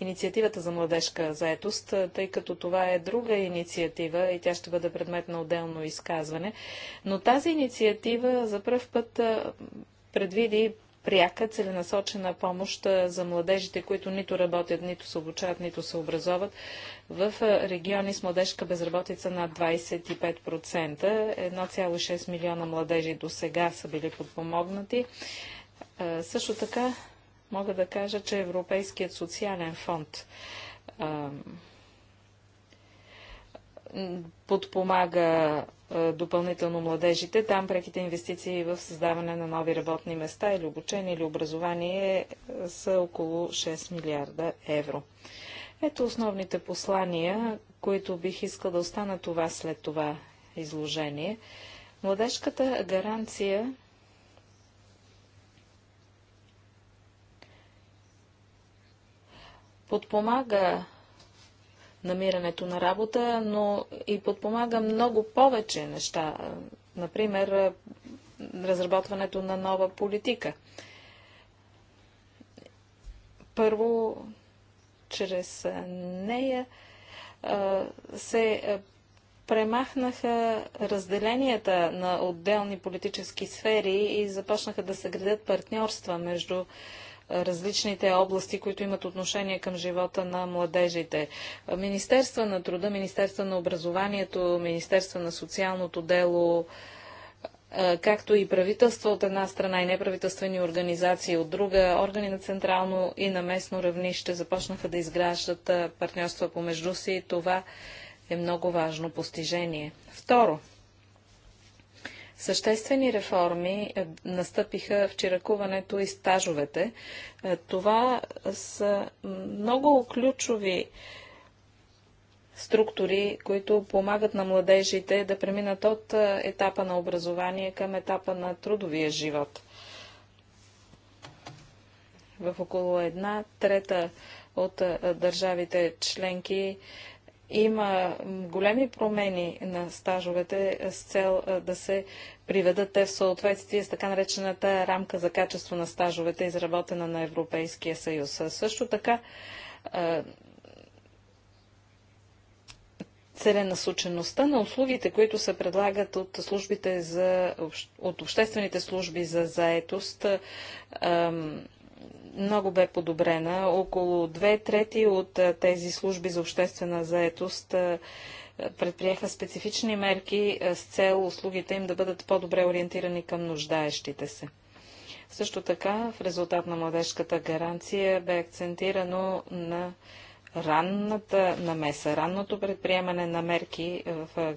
инициативата за младежка заетост, тъй като това е друга инициатива и тя ще бъде предмет на отделно изказване. Но тази инициатива за първ път предвиди пряка целенасочена помощ за младежите, които нито работят, нито се обучават, нито се образоват в региони с младежка безработица над 25%. 1,6 милиона младежи до сега са били подпомогнати. също така мога да кажа, че Европейският социален фонд подпомага допълнително младежите. Там преките инвестиции в създаване на нови работни места или обучение или образование е, са около 6 милиарда евро. Ето основните послания, които бих искал да остана това след това изложение. Младежката гаранция подпомага намирането на работа, но и подпомага много повече неща. Например, разработването на нова политика. Първо, чрез нея се премахнаха разделенията на отделни политически сфери и започнаха да се градят партньорства между различните области, които имат отношение към живота на младежите. Министерства на труда, Министерства на образованието, Министерства на социалното дело, както и правителства от една страна и неправителствени организации от друга, органи на централно и на местно равнище започнаха да изграждат партньорства помежду си и това е много важно постижение. Второ, Съществени реформи е, настъпиха в чиракуването и стажовете. Е, това са много ключови структури, които помагат на младежите да преминат от е, етапа на образование към етапа на трудовия живот. В около една трета от държавите членки има големи промени на стажовете е, с цел е, да се приведат те в съответствие с така наречената рамка за качество на стажовете, изработена на Европейския съюз. Също така е, целенасочеността на услугите, които се предлагат от, службите за, от обществените служби за заетост, ем, много бе подобрена. Около две трети от тези служби за обществена заетост предприеха специфични мерки с цел услугите им да бъдат по-добре ориентирани към нуждаещите се. Също така, в резултат на младежката гаранция бе акцентирано на ранната намеса, ранното предприемане на мерки в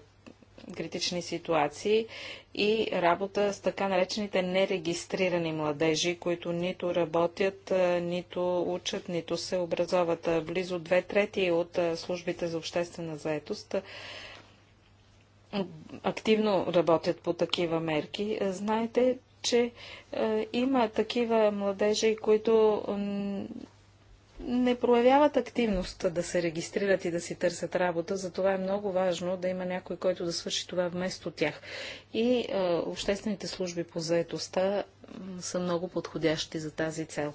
критични ситуации и работа с така наречените нерегистрирани младежи, които нито работят, нито учат, нито се образоват. Близо две трети от службите за обществена заетост активно работят по такива мерки. Знаете, че е, има такива младежи, които не проявяват активност да се регистрират и да си търсят работа, затова е много важно да има някой, който да свърши това вместо тях. И е, обществените служби по заетостта са много подходящи за тази цел.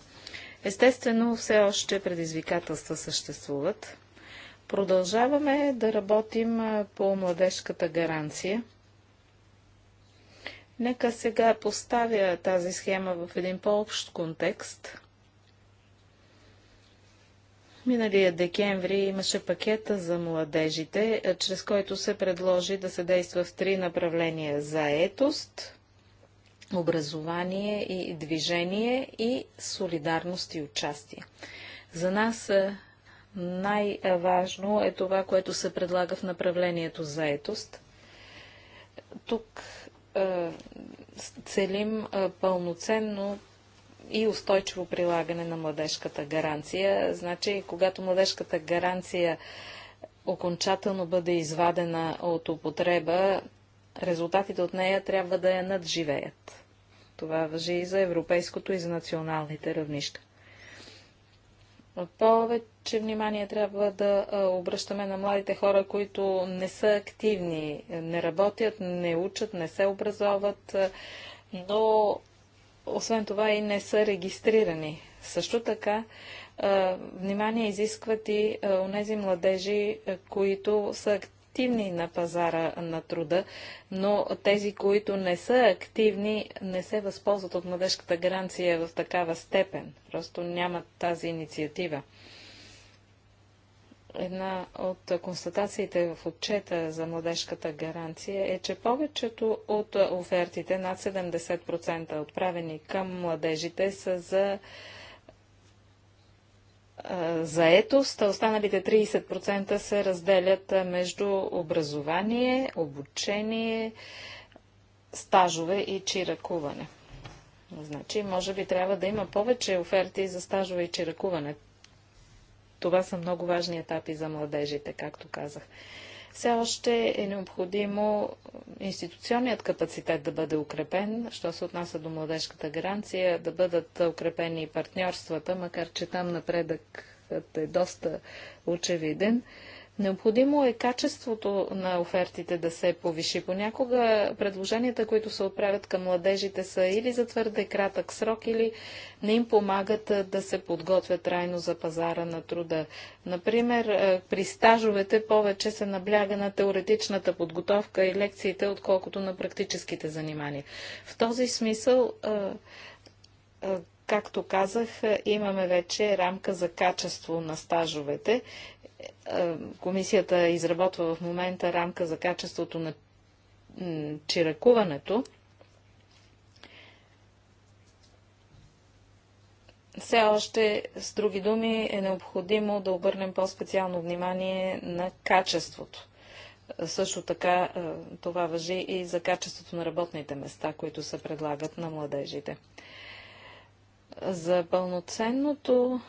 Естествено, все още предизвикателства съществуват. Продължаваме да работим по младежката гаранция. Нека сега поставя тази схема в един по-общ контекст – Миналия декември имаше пакета за младежите, е, чрез който се предложи да се действа в три направления – заетост, образование и движение и солидарност и участие. За нас е, най-важно е това, което се предлага в направлението заетост. Тук е, целим пълноценно и устойчиво прилагане на младежката гаранция. Значи, когато младежката гаранция окончателно бъде извадена от употреба, резултатите от нея трябва да я надживеят. Това въжи и за европейското и за националните равнища. Повече внимание трябва да обръщаме на младите хора, които не са активни, не работят, не учат, не се образоват, но освен това и не са регистрирани. Също така, внимание изискват и онези младежи, които са активни на пазара на труда, но тези, които не са активни, не се възползват от младежката гаранция в такава степен. Просто нямат тази инициатива. Една от констатациите в отчета за младежката гаранция е, че повечето от офертите, над 70% отправени към младежите, са за заетост, а останалите 30% се разделят между образование, обучение, стажове и чиракуване. Значи, може би трябва да има повече оферти за стажове и чиракуване. Това са много важни етапи за младежите, както казах. Все още е необходимо институционният капацитет да бъде укрепен, що се отнася до младежката гаранция, да бъдат укрепени и партньорствата, макар че там напредъкът е доста очевиден. Необходимо е качеството на офертите да се повиши. Понякога предложенията, които се отправят към младежите са или за твърде кратък срок, или не им помагат да се подготвят трайно за пазара на труда. Например, при стажовете повече се набляга на теоретичната подготовка и лекциите, отколкото на практическите занимания. В този смисъл Както казах, имаме вече рамка за качество на стажовете. Е, комисията изработва в момента рамка за качеството на чиракуването. Все още, с други думи, е необходимо да обърнем по-специално внимание на качеството. Е, също така е, това въжи и за качеството на работните места, които се предлагат на младежите. За пълноценното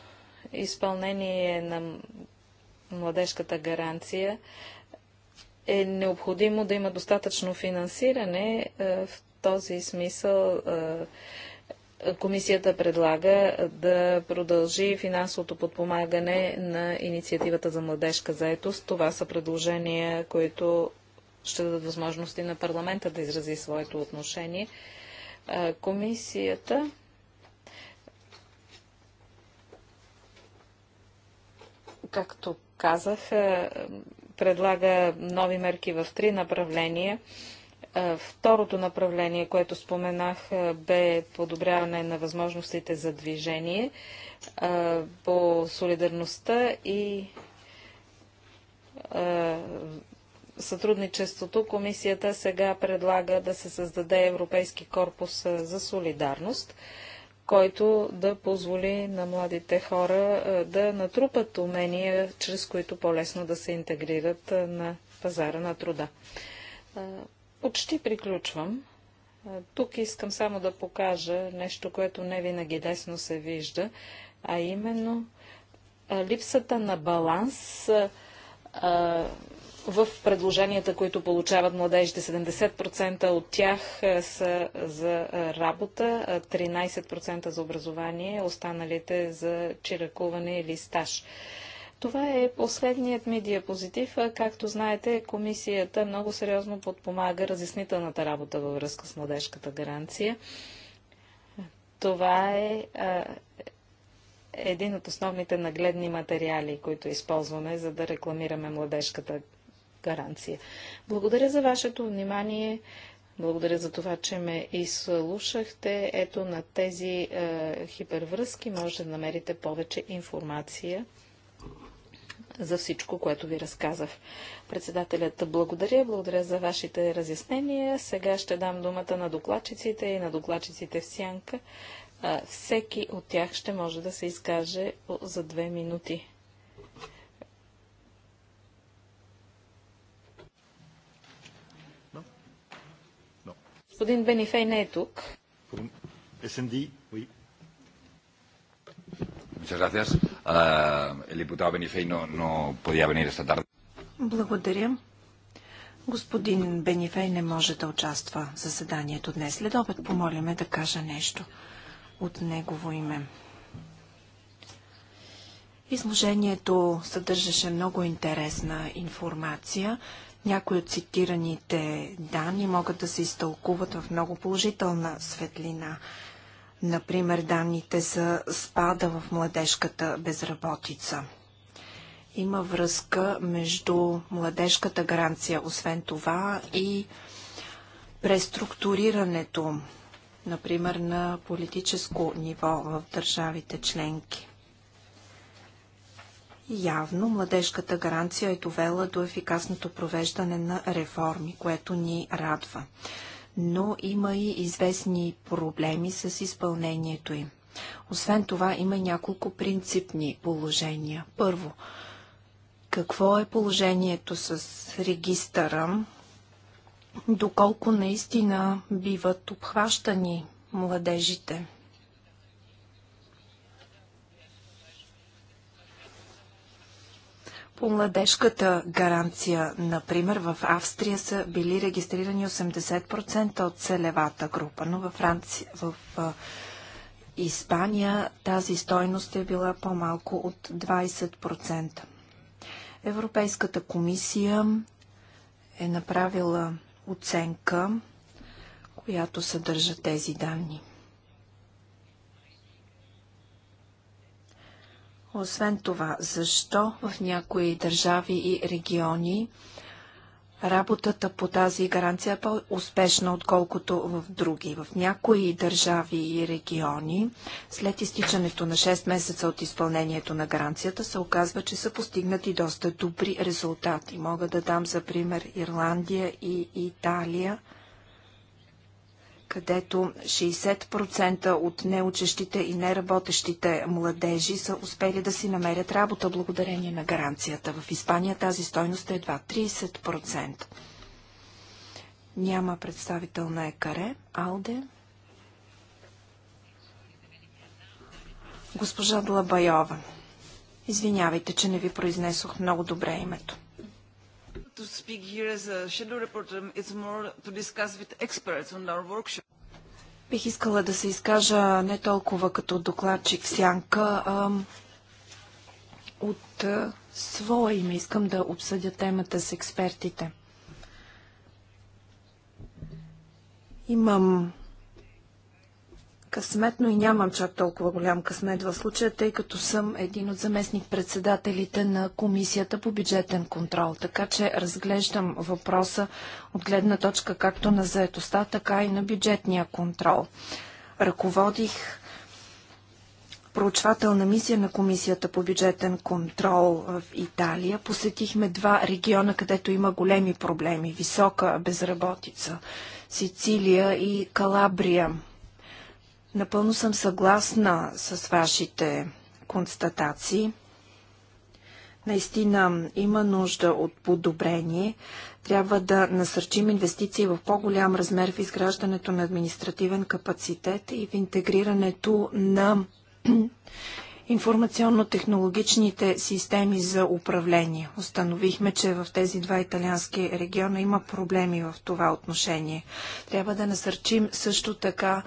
изпълнение на младежката гаранция е необходимо да има достатъчно финансиране. Е, в този смисъл е, комисията предлага да продължи финансовото подпомагане на инициативата за младежка заетост. Това са предложения, които ще дадат възможности на парламента да изрази своето отношение. Е, комисията както казах, е, предлага нови мерки в три направления. Е, второто направление, което споменах, е, бе подобряване на възможностите за движение по солидарността и сътрудничеството. Комисията сега предлага да се създаде Европейски корпус за солидарност който да позволи на младите хора да натрупат умения, чрез които по-лесно да се интегрират на пазара на труда. Почти приключвам. Тук искам само да покажа нещо, което не винаги лесно се вижда, а именно липсата на баланс в предложенията, които получават младежите. 70% от тях е, са за работа, 13% за образование, останалите за чиракуване или стаж. Това е последният ми диапозитив. Както знаете, комисията много сериозно подпомага разяснителната работа във връзка с младежката гаранция. Това е един от основните нагледни материали, които използваме, за да рекламираме младежката гаранция. Благодаря за вашето внимание. Благодаря за това, че ме изслушахте. Ето на тези е, хипервръзки може да намерите повече информация за всичко, което ви разказах. Председателят, благодаря, благодаря за вашите разяснения. Сега ще дам думата на докладчиците и на докладчиците в сянка. Е, всеки от тях ще може да се изкаже за две минути. Господин Бенифей не е тук. СНД, Muchas gracias. Uh, el diputado Benifei no, no podía venir esta tarde. Благодаря. Господин Бенифей не може да участва в заседанието днес. След обед помоляме да кажа нещо от негово име. Изложението съдържаше много интересна информация. Някои от цитираните данни могат да се изтълкуват в много положителна светлина. Например, данните за спада в младежката безработица. Има връзка между младежката гаранция, освен това, и преструктурирането, например, на политическо ниво в държавите членки. Явно младежката гаранция е довела до ефикасното провеждане на реформи, което ни радва. Но има и известни проблеми с изпълнението им. Освен това има няколко принципни положения. Първо, какво е положението с регистъра, доколко наистина биват обхващани младежите По младежката гаранция, например, в Австрия са били регистрирани 80% от целевата група, но във Франция, в Испания тази стойност е била по-малко от 20%. Европейската комисия е направила оценка, която съдържа тези данни. Освен това, защо в някои държави и региони работата по тази гаранция е по-успешна, отколкото в други. В някои държави и региони, след изтичането на 6 месеца от изпълнението на гаранцията, се оказва, че са постигнати доста добри резултати. Мога да дам за пример Ирландия и Италия – където 60% от неучещите и неработещите младежи са успели да си намерят работа благодарение на гаранцията. В Испания тази стойност е едва 30%. Няма представител на ЕКАРЕ. Алде. Госпожа Длабайова. Извинявайте, че не ви произнесох много добре името to speak here as a shadow reporter. It's more to discuss with experts on our workshop. Бих искала да се изкажа не толкова като докладчик в сянка. А, от а, своя име искам да обсъдя темата с експертите. Имам късмет, но и нямам чак толкова голям късмет в случая, тъй като съм един от заместник-председателите на Комисията по бюджетен контрол. Така че разглеждам въпроса от гледна точка както на заетостта, така и на бюджетния контрол. Ръководих проучвателна мисия на Комисията по бюджетен контрол в Италия. Посетихме два региона, където има големи проблеми, висока безработица – Сицилия и Калабрия – Напълно съм съгласна с вашите констатации. Наистина има нужда от подобрение. Трябва да насърчим инвестиции в по-голям размер в изграждането на административен капацитет и в интегрирането на информационно-технологичните системи за управление. Установихме, че в тези два италиански региона има проблеми в това отношение. Трябва да насърчим също така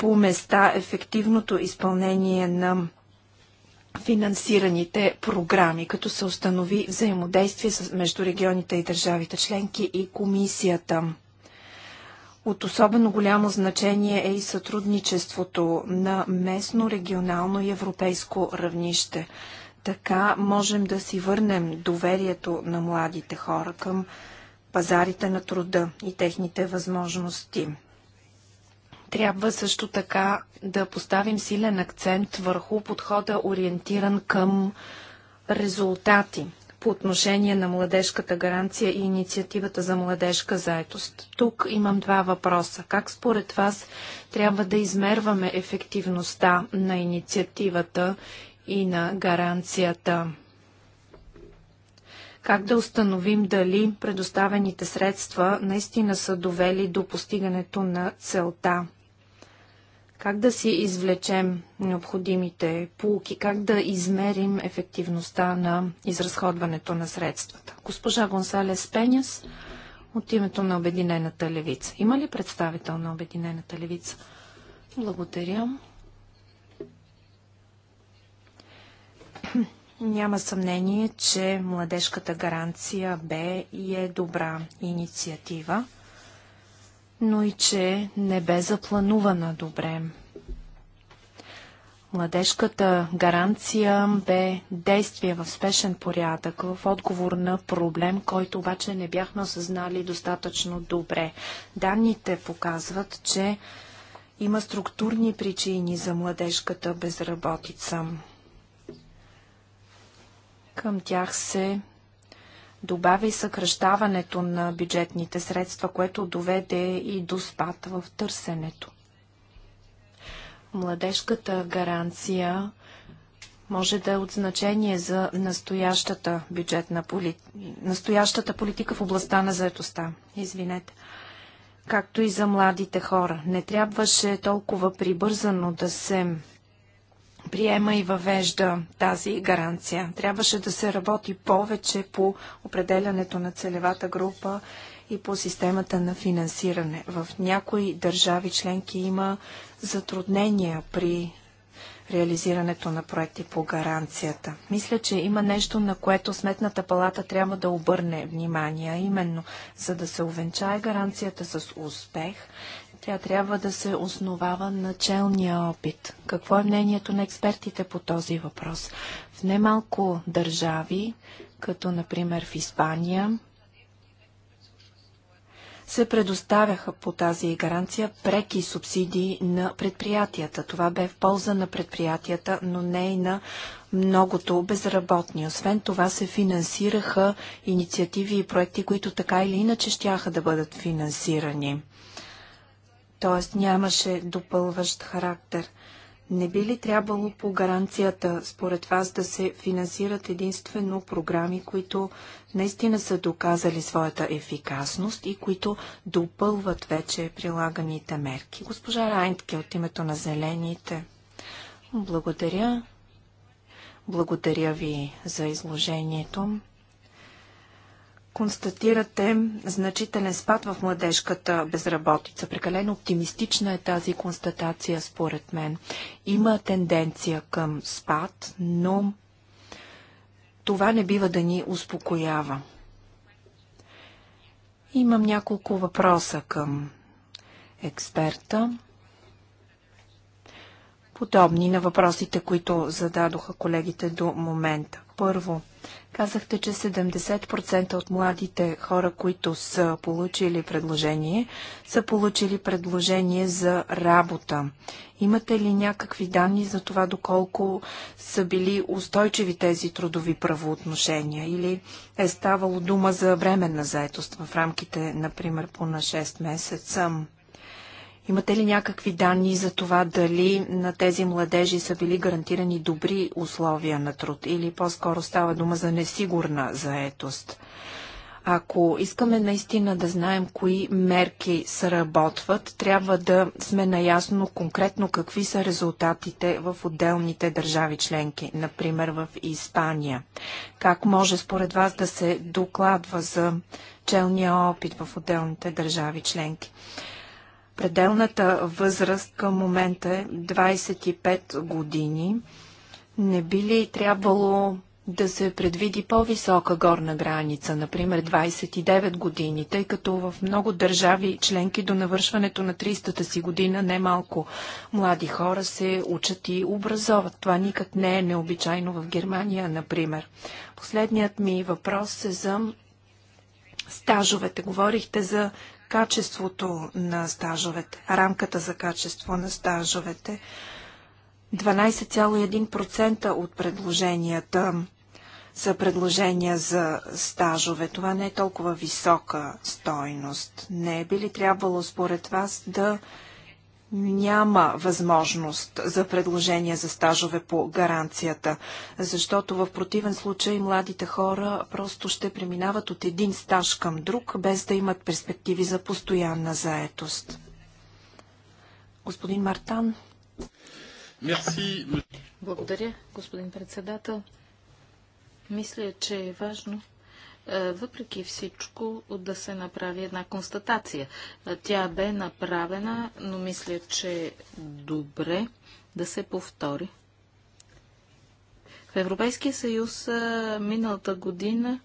по места ефективното изпълнение на финансираните програми, като се установи взаимодействие между регионите и държавите членки и комисията. От особено голямо значение е и сътрудничеството на местно, регионално и европейско равнище. Така можем да си върнем доверието на младите хора към пазарите на труда и техните възможности. Трябва също така да поставим силен акцент върху подхода ориентиран към резултати по отношение на младежката гаранция и инициативата за младежка заетост. Тук имам два въпроса. Как според вас трябва да измерваме ефективността на инициативата и на гаранцията? Как да установим дали предоставените средства наистина са довели до постигането на целта? Как да си извлечем необходимите полуки? Как да измерим ефективността на изразходването на средствата? Госпожа Гонсалес Пеняс от името на Обединената левица. Има ли представител на Обединената левица? Благодаря. Няма съмнение, че младежката гаранция бе и е добра инициатива но и че не бе запланувана добре. Младежката гаранция бе действие в спешен порядък в отговор на проблем, който обаче не бяхме осъзнали достатъчно добре. Данните показват, че има структурни причини за младежката безработица. Към тях се добавя и съкръщаването на бюджетните средства, което доведе и до спад в търсенето. Младежката гаранция може да е от значение за настоящата бюджетна полит... настоящата политика в областта на заетостта. Извинете. Както и за младите хора. Не трябваше толкова прибързано да се приема и въвежда тази гаранция. Трябваше да се работи повече по определянето на целевата група и по системата на финансиране. В някои държави членки има затруднения при реализирането на проекти по гаранцията. Мисля, че има нещо, на което Сметната палата трябва да обърне внимание, именно за да се увенчае гаранцията с успех, тя трябва да се основава на челния опит. Какво е мнението на експертите по този въпрос? В немалко държави, като например в Испания, се предоставяха по тази гаранция преки субсидии на предприятията. Това бе в полза на предприятията, но не и на многото безработни. Освен това се финансираха инициативи и проекти, които така или иначе щяха да бъдат финансирани т.е. нямаше допълващ характер. Не би ли трябвало по гаранцията, според вас, да се финансират единствено програми, които наистина са доказали своята ефикасност и които допълват вече прилаганите мерки? Госпожа Райнтке от името на Зелените. Благодаря. Благодаря ви за изложението констатирате значителен спад в младежката безработица. Прекалено оптимистична е тази констатация, според мен. Има тенденция към спад, но това не бива да ни успокоява. Имам няколко въпроса към експерта подобни на въпросите, които зададоха колегите до момента. Първо, казахте, че 70% от младите хора, които са получили предложение, са получили предложение за работа. Имате ли някакви данни за това, доколко са били устойчиви тези трудови правоотношения или е ставало дума за временна заетост в рамките, например, по на 6 месеца? Имате ли някакви данни за това дали на тези младежи са били гарантирани добри условия на труд или по-скоро става дума за несигурна заетост? Ако искаме наистина да знаем кои мерки сработват, трябва да сме наясно конкретно какви са резултатите в отделните държави членки, например в Испания. Как може според вас да се докладва за челния опит в отделните държави членки? Пределната възраст към момента е 25 години. Не би ли трябвало да се предвиди по-висока горна граница, например 29 години, тъй като в много държави членки до навършването на 300-та си година немалко млади хора се учат и образоват. Това никак не е необичайно в Германия, например. Последният ми въпрос е за стажовете. Говорихте за качеството на стажовете, рамката за качество на стажовете. 12,1% от предложенията са предложения за стажове. Това не е толкова висока стойност. Не е би ли трябвало според вас да няма възможност за предложения за стажове по гаранцията, защото в противен случай младите хора просто ще преминават от един стаж към друг, без да имат перспективи за постоянна заетост. Господин Мартан. Благодаря, господин председател. Мисля, че е важно е, въпреки всичко да се направи една констатация. Е, тя бе направена, но мисля, че е добре да се повтори. В Европейския съюз е, миналата година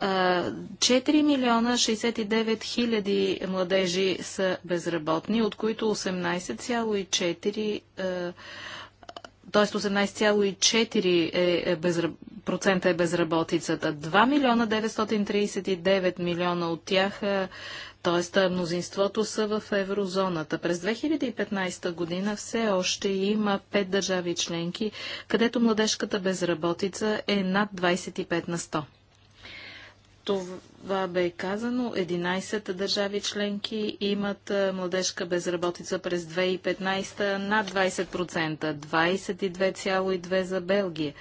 4 милиона 69 хиляди младежи са безработни, от които 18,4 т.е. 18,4% е, е, е безработицата. 2 милиона 939 милиона от тях, т.е. мнозинството са в еврозоната. През 2015 година все още има 5 държави членки, където младежката безработица е над 25 на 100 това бе казано. 11 държави членки имат младежка безработица през 2015 над 20%, 22,2% за Белгия.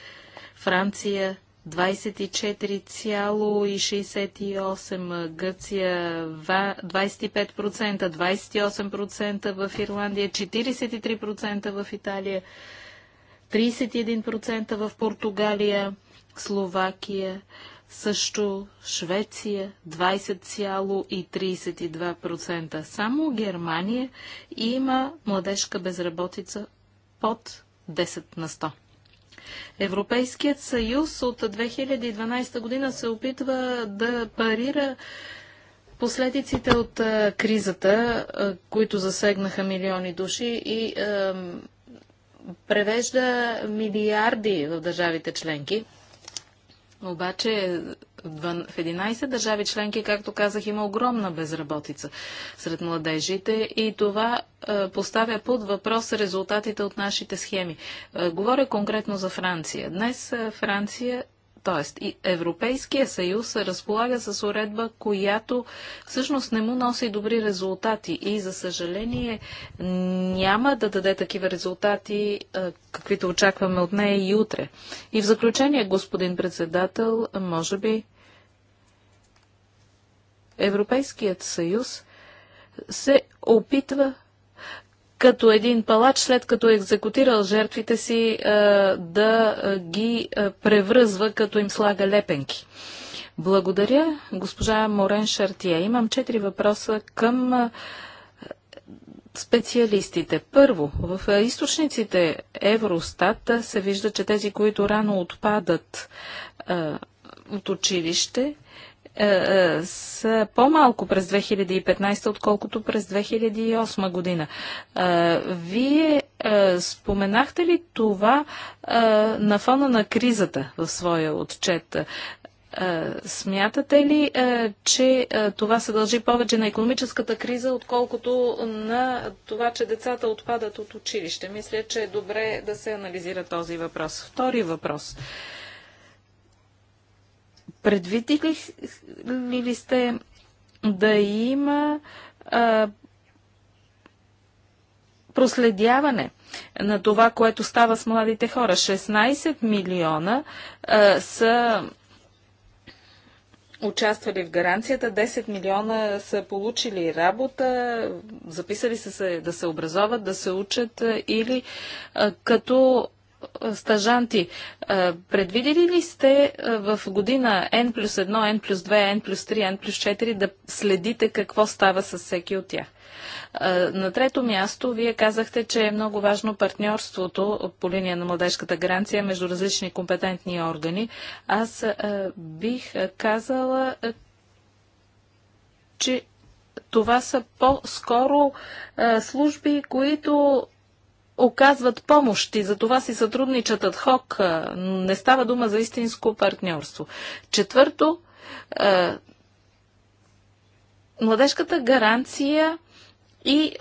Франция 24,68%, Гърция 25%, 28% в Ирландия, 43% в Италия, 31% в Португалия, Словакия, също Швеция 20,32%. Само Германия има младежка безработица под 10 на 100. Европейският съюз от 2012 година се опитва да парира последиците от кризата, които засегнаха милиони души и превежда милиарди в държавите членки – обаче в 11 държави членки, както казах, има огромна безработица сред младежите и това поставя под въпрос резултатите от нашите схеми. говоря конкретно за Франция. Днес е, Франция т.е. Европейския съюз се разполага с уредба, която всъщност не му носи добри резултати и, за съжаление, няма да даде такива резултати, е, каквито очакваме от нея и утре. И в заключение, господин председател, може би Европейският съюз се опитва като един палач, след като е екзекутирал жертвите си, е, да е, ги е, превръзва, като им слага лепенки. Благодаря, госпожа Морен Шартия. Имам четири въпроса към специалистите. Първо, в източниците Евростат се вижда, че тези, които рано отпадат от училище, е, е, са по-малко през 2015, отколкото през 2008 година. Е, вие споменахте ли това на фона на кризата в своя отчет? Смятате ли, че това се дължи повече на економическата криза, отколкото на това, че децата отпадат от училище? Мисля, че е добре да се анализира този въпрос. Втори въпрос. Предвидили ли сте да има а, проследяване на това, което става с младите хора? 16 милиона а, са участвали в гаранцията, 10 милиона са получили работа, записали са се да се образоват, да се учат или а, като стажанти, предвидели ли сте в година N плюс 1, N плюс 2, N плюс 3, N плюс 4 да следите какво става с всеки от тях? На трето място, вие казахте, че е много важно партньорството по линия на младежката гаранция между различни компетентни органи. Аз бих казала, че това са по-скоро служби, които оказват помощ и за това си сътрудничат от хок. Не става дума за истинско партньорство. Четвърто, младежката гаранция и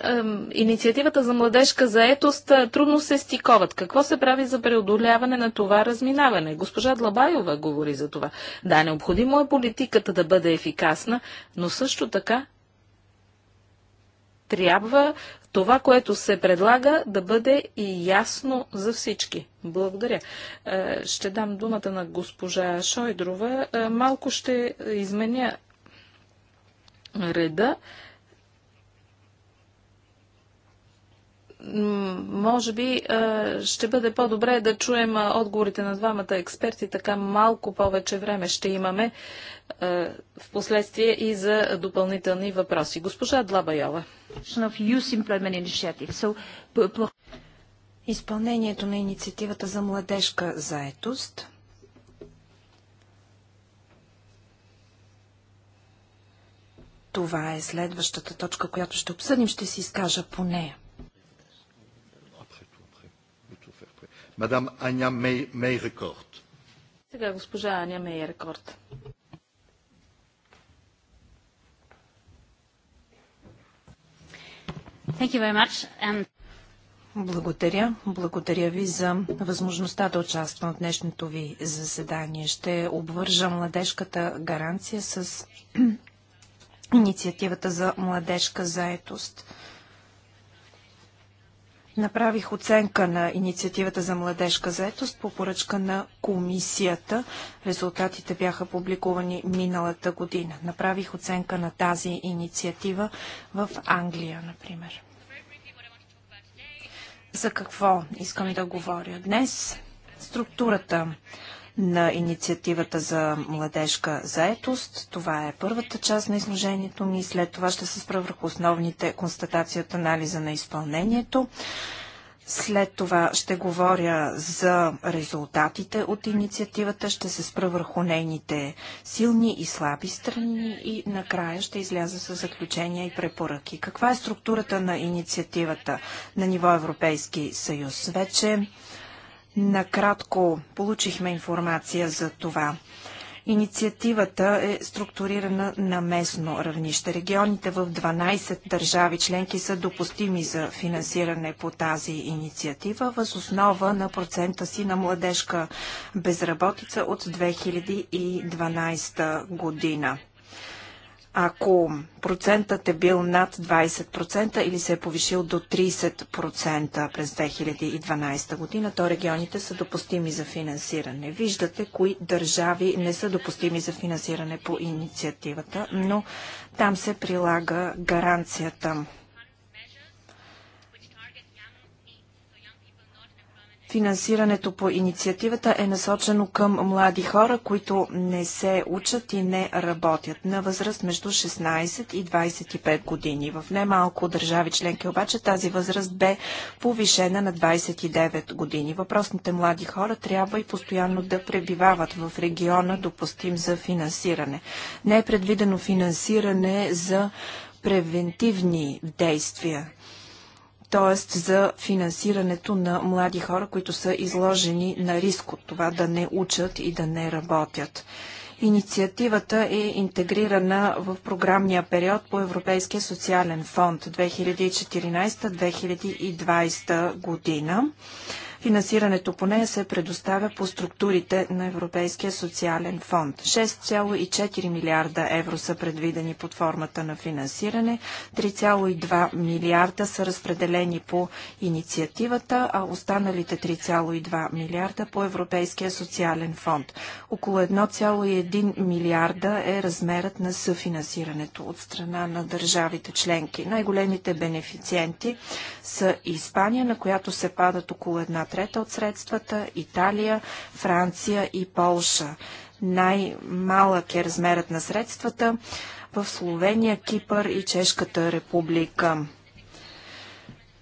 инициативата за младежка заетост трудно се стиковат. Какво се прави за преодоляване на това разминаване? Госпожа Длабаева говори за това. Да, необходимо е политиката да бъде ефикасна, но също така трябва това, което се предлага, да бъде и ясно за всички. Благодаря. Е, ще дам думата на госпожа Шойдрова. Е, малко ще изменя реда. може би е, ще бъде по-добре да чуем отговорите на двамата експерти, така малко повече време ще имаме е, в последствие и за допълнителни въпроси. Госпожа Длабайова. Изпълнението на инициативата за младежка заетост – Това е следващата точка, която ще обсъдим. Ще си изкажа по нея. мадам Аня Мей, Мейрекорд. Сега госпожа Аня Мейрекорд. Thank you very much. And... Благодаря. Благодаря ви за възможността да участвам в днешното ви заседание. Ще обвържа младежката гаранция с инициативата за младежка заетост. Направих оценка на инициативата за младежка заетост по поръчка на комисията. Резултатите бяха публикувани миналата година. Направих оценка на тази инициатива в Англия, например. За какво искам да говоря днес? Структурата на инициативата за младежка заетост. Това е първата част на изложението ми. След това ще се спра върху основните констатации от анализа на изпълнението. След това ще говоря за резултатите от инициативата, ще се спра върху нейните силни и слаби страни и накрая ще изляза с заключения и препоръки. Каква е структурата на инициативата на ниво Европейски съюз? Вече Накратко получихме информация за това. Инициативата е структурирана на местно равнище. Регионите в 12 държави членки са допустими за финансиране по тази инициатива въз основа на процента си на младежка безработица от 2012 година. Ако процентът е бил над 20% или се е повишил до 30% през 2012 година, то регионите са допустими за финансиране. Виждате кои държави не са допустими за финансиране по инициативата, но там се прилага гаранцията Финансирането по инициативата е насочено към млади хора, които не се учат и не работят на възраст между 16 и 25 години. В немалко държави членки обаче тази възраст бе повишена на 29 години. Въпросните млади хора трябва и постоянно да пребивават в региона, допустим за финансиране. Не е предвидено финансиране за превентивни действия т.е. за финансирането на млади хора, които са изложени на риск от това да не учат и да не работят. Инициативата е интегрирана в програмния период по Европейския социален фонд 2014-2020 година. Финансирането по нея се предоставя по структурите на Европейския социален фонд. 6,4 милиарда евро са предвидени под формата на финансиране, 3,2 милиарда са разпределени по инициативата, а останалите 3,2 милиарда по Европейския социален фонд. Около 1,1 милиарда е размерът на съфинансирането от страна на държавите членки. Най-големите бенефициенти са Испания, на която се падат около една трета от средствата, Италия, Франция и Полша. Най-малък е размерът на средствата в Словения, Кипър и Чешката република.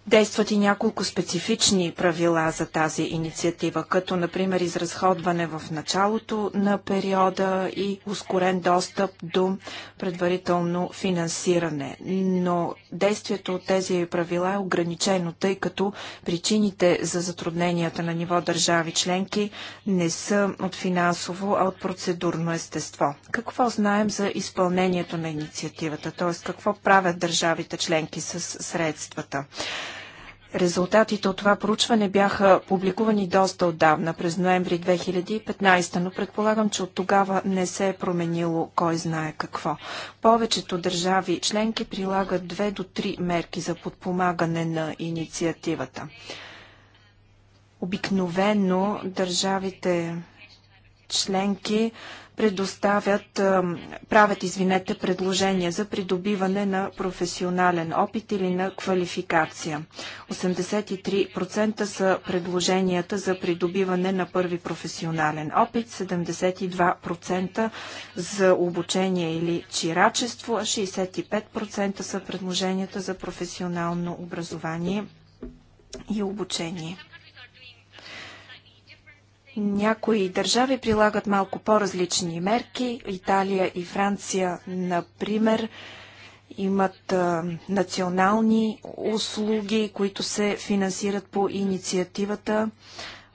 Действат и няколко специфични правила за тази инициатива, като например изразходване в началото на периода и ускорен достъп до предварително финансиране. Но действието от тези правила е ограничено, тъй като причините за затрудненията на ниво държави членки не са от финансово, а от процедурно естество. Какво знаем за изпълнението на инициативата, т.е. какво правят държавите членки с средствата? Резултатите от това проучване бяха публикувани доста отдавна, през ноември 2015, но предполагам, че от тогава не се е променило кой знае какво. Повечето държави членки прилагат две до три мерки за подпомагане на инициативата. Обикновено държавите членки предоставят, правят, извинете, предложения за придобиване на професионален опит или на квалификация. 83% са предложенията за придобиване на първи професионален опит, 72% за обучение или чирачество, а 65% са предложенията за професионално образование и обучение. Някои държави прилагат малко по-различни мерки. Италия и Франция, например, имат а, национални услуги, които се финансират по инициативата.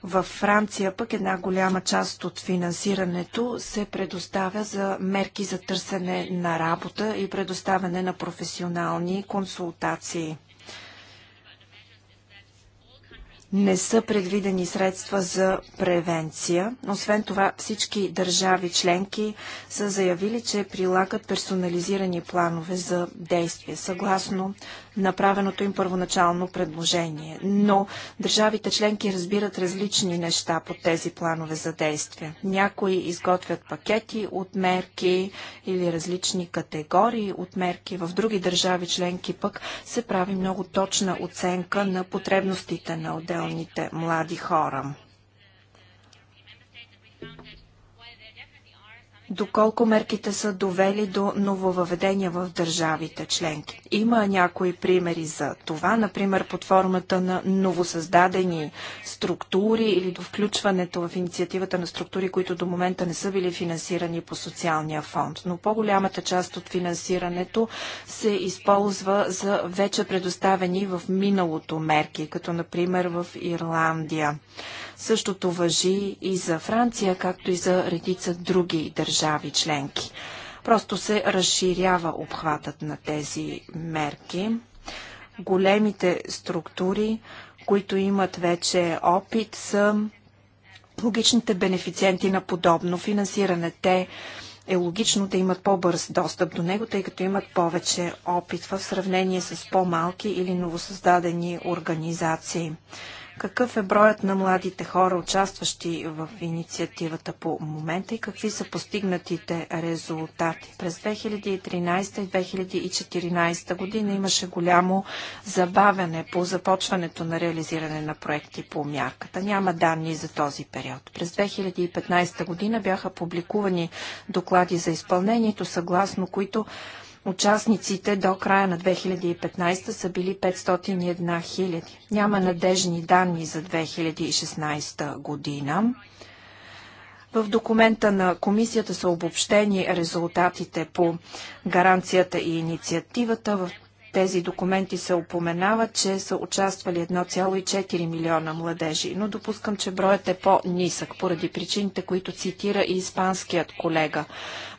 Във Франция пък една голяма част от финансирането се предоставя за мерки за търсене на работа и предоставяне на професионални консултации не са предвидени средства за превенция. Освен това, всички държави членки са заявили, че прилагат персонализирани планове за действие, съгласно направеното им първоначално предложение. Но държавите членки разбират различни неща по тези планове за действие. Някои изготвят пакети от мерки или различни категории от мерки. В други държави членки пък се прави много точна оценка на потребностите на отдел отделните млади хора. доколко мерките са довели до нововъведения в държавите членки. Има някои примери за това, например под формата на новосъздадени структури или до включването в инициативата на структури, които до момента не са били финансирани по социалния фонд. Но по-голямата част от финансирането се използва за вече предоставени в миналото мерки, като например в Ирландия. Същото въжи и за Франция, както и за редица други държави членки. Просто се разширява обхватът на тези мерки. Големите структури, които имат вече опит, са логичните бенефициенти на подобно финансиране. Те е логично да имат по-бърз достъп до него, тъй като имат повече опит в сравнение с по-малки или новосъздадени организации. Какъв е броят на младите хора, участващи в инициативата по момента и какви са постигнатите резултати? През 2013 и 2014 година имаше голямо забавяне по започването на реализиране на проекти по мярката. Няма данни за този период. През 2015 година бяха публикувани доклади за изпълнението, съгласно които Участниците до края на 2015 са били 501 хиляди. Няма надежни данни за 2016 година. В документа на комисията са обобщени резултатите по гаранцията и инициативата. В тези документи се упоменава, че са участвали 1,4 милиона младежи, но допускам, че броят е по-нисък, поради причините, които цитира и испанският колега.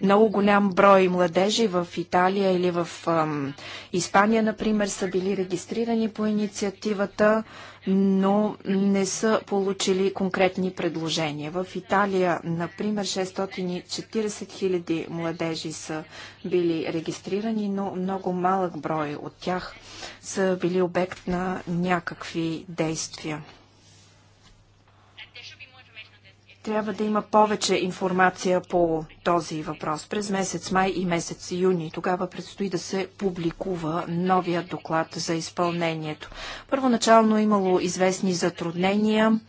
Много голям брой младежи в Италия или в ам, Испания, например, са били регистрирани по инициативата, но не са получили конкретни предложения. В Италия, например, 640 000 младежи са били регистрирани, но много малък брой от тях са били обект на някакви действия. Трябва да има повече информация по този въпрос през месец май и месец юни. Тогава предстои да се публикува новия доклад за изпълнението. Първоначално имало известни затруднения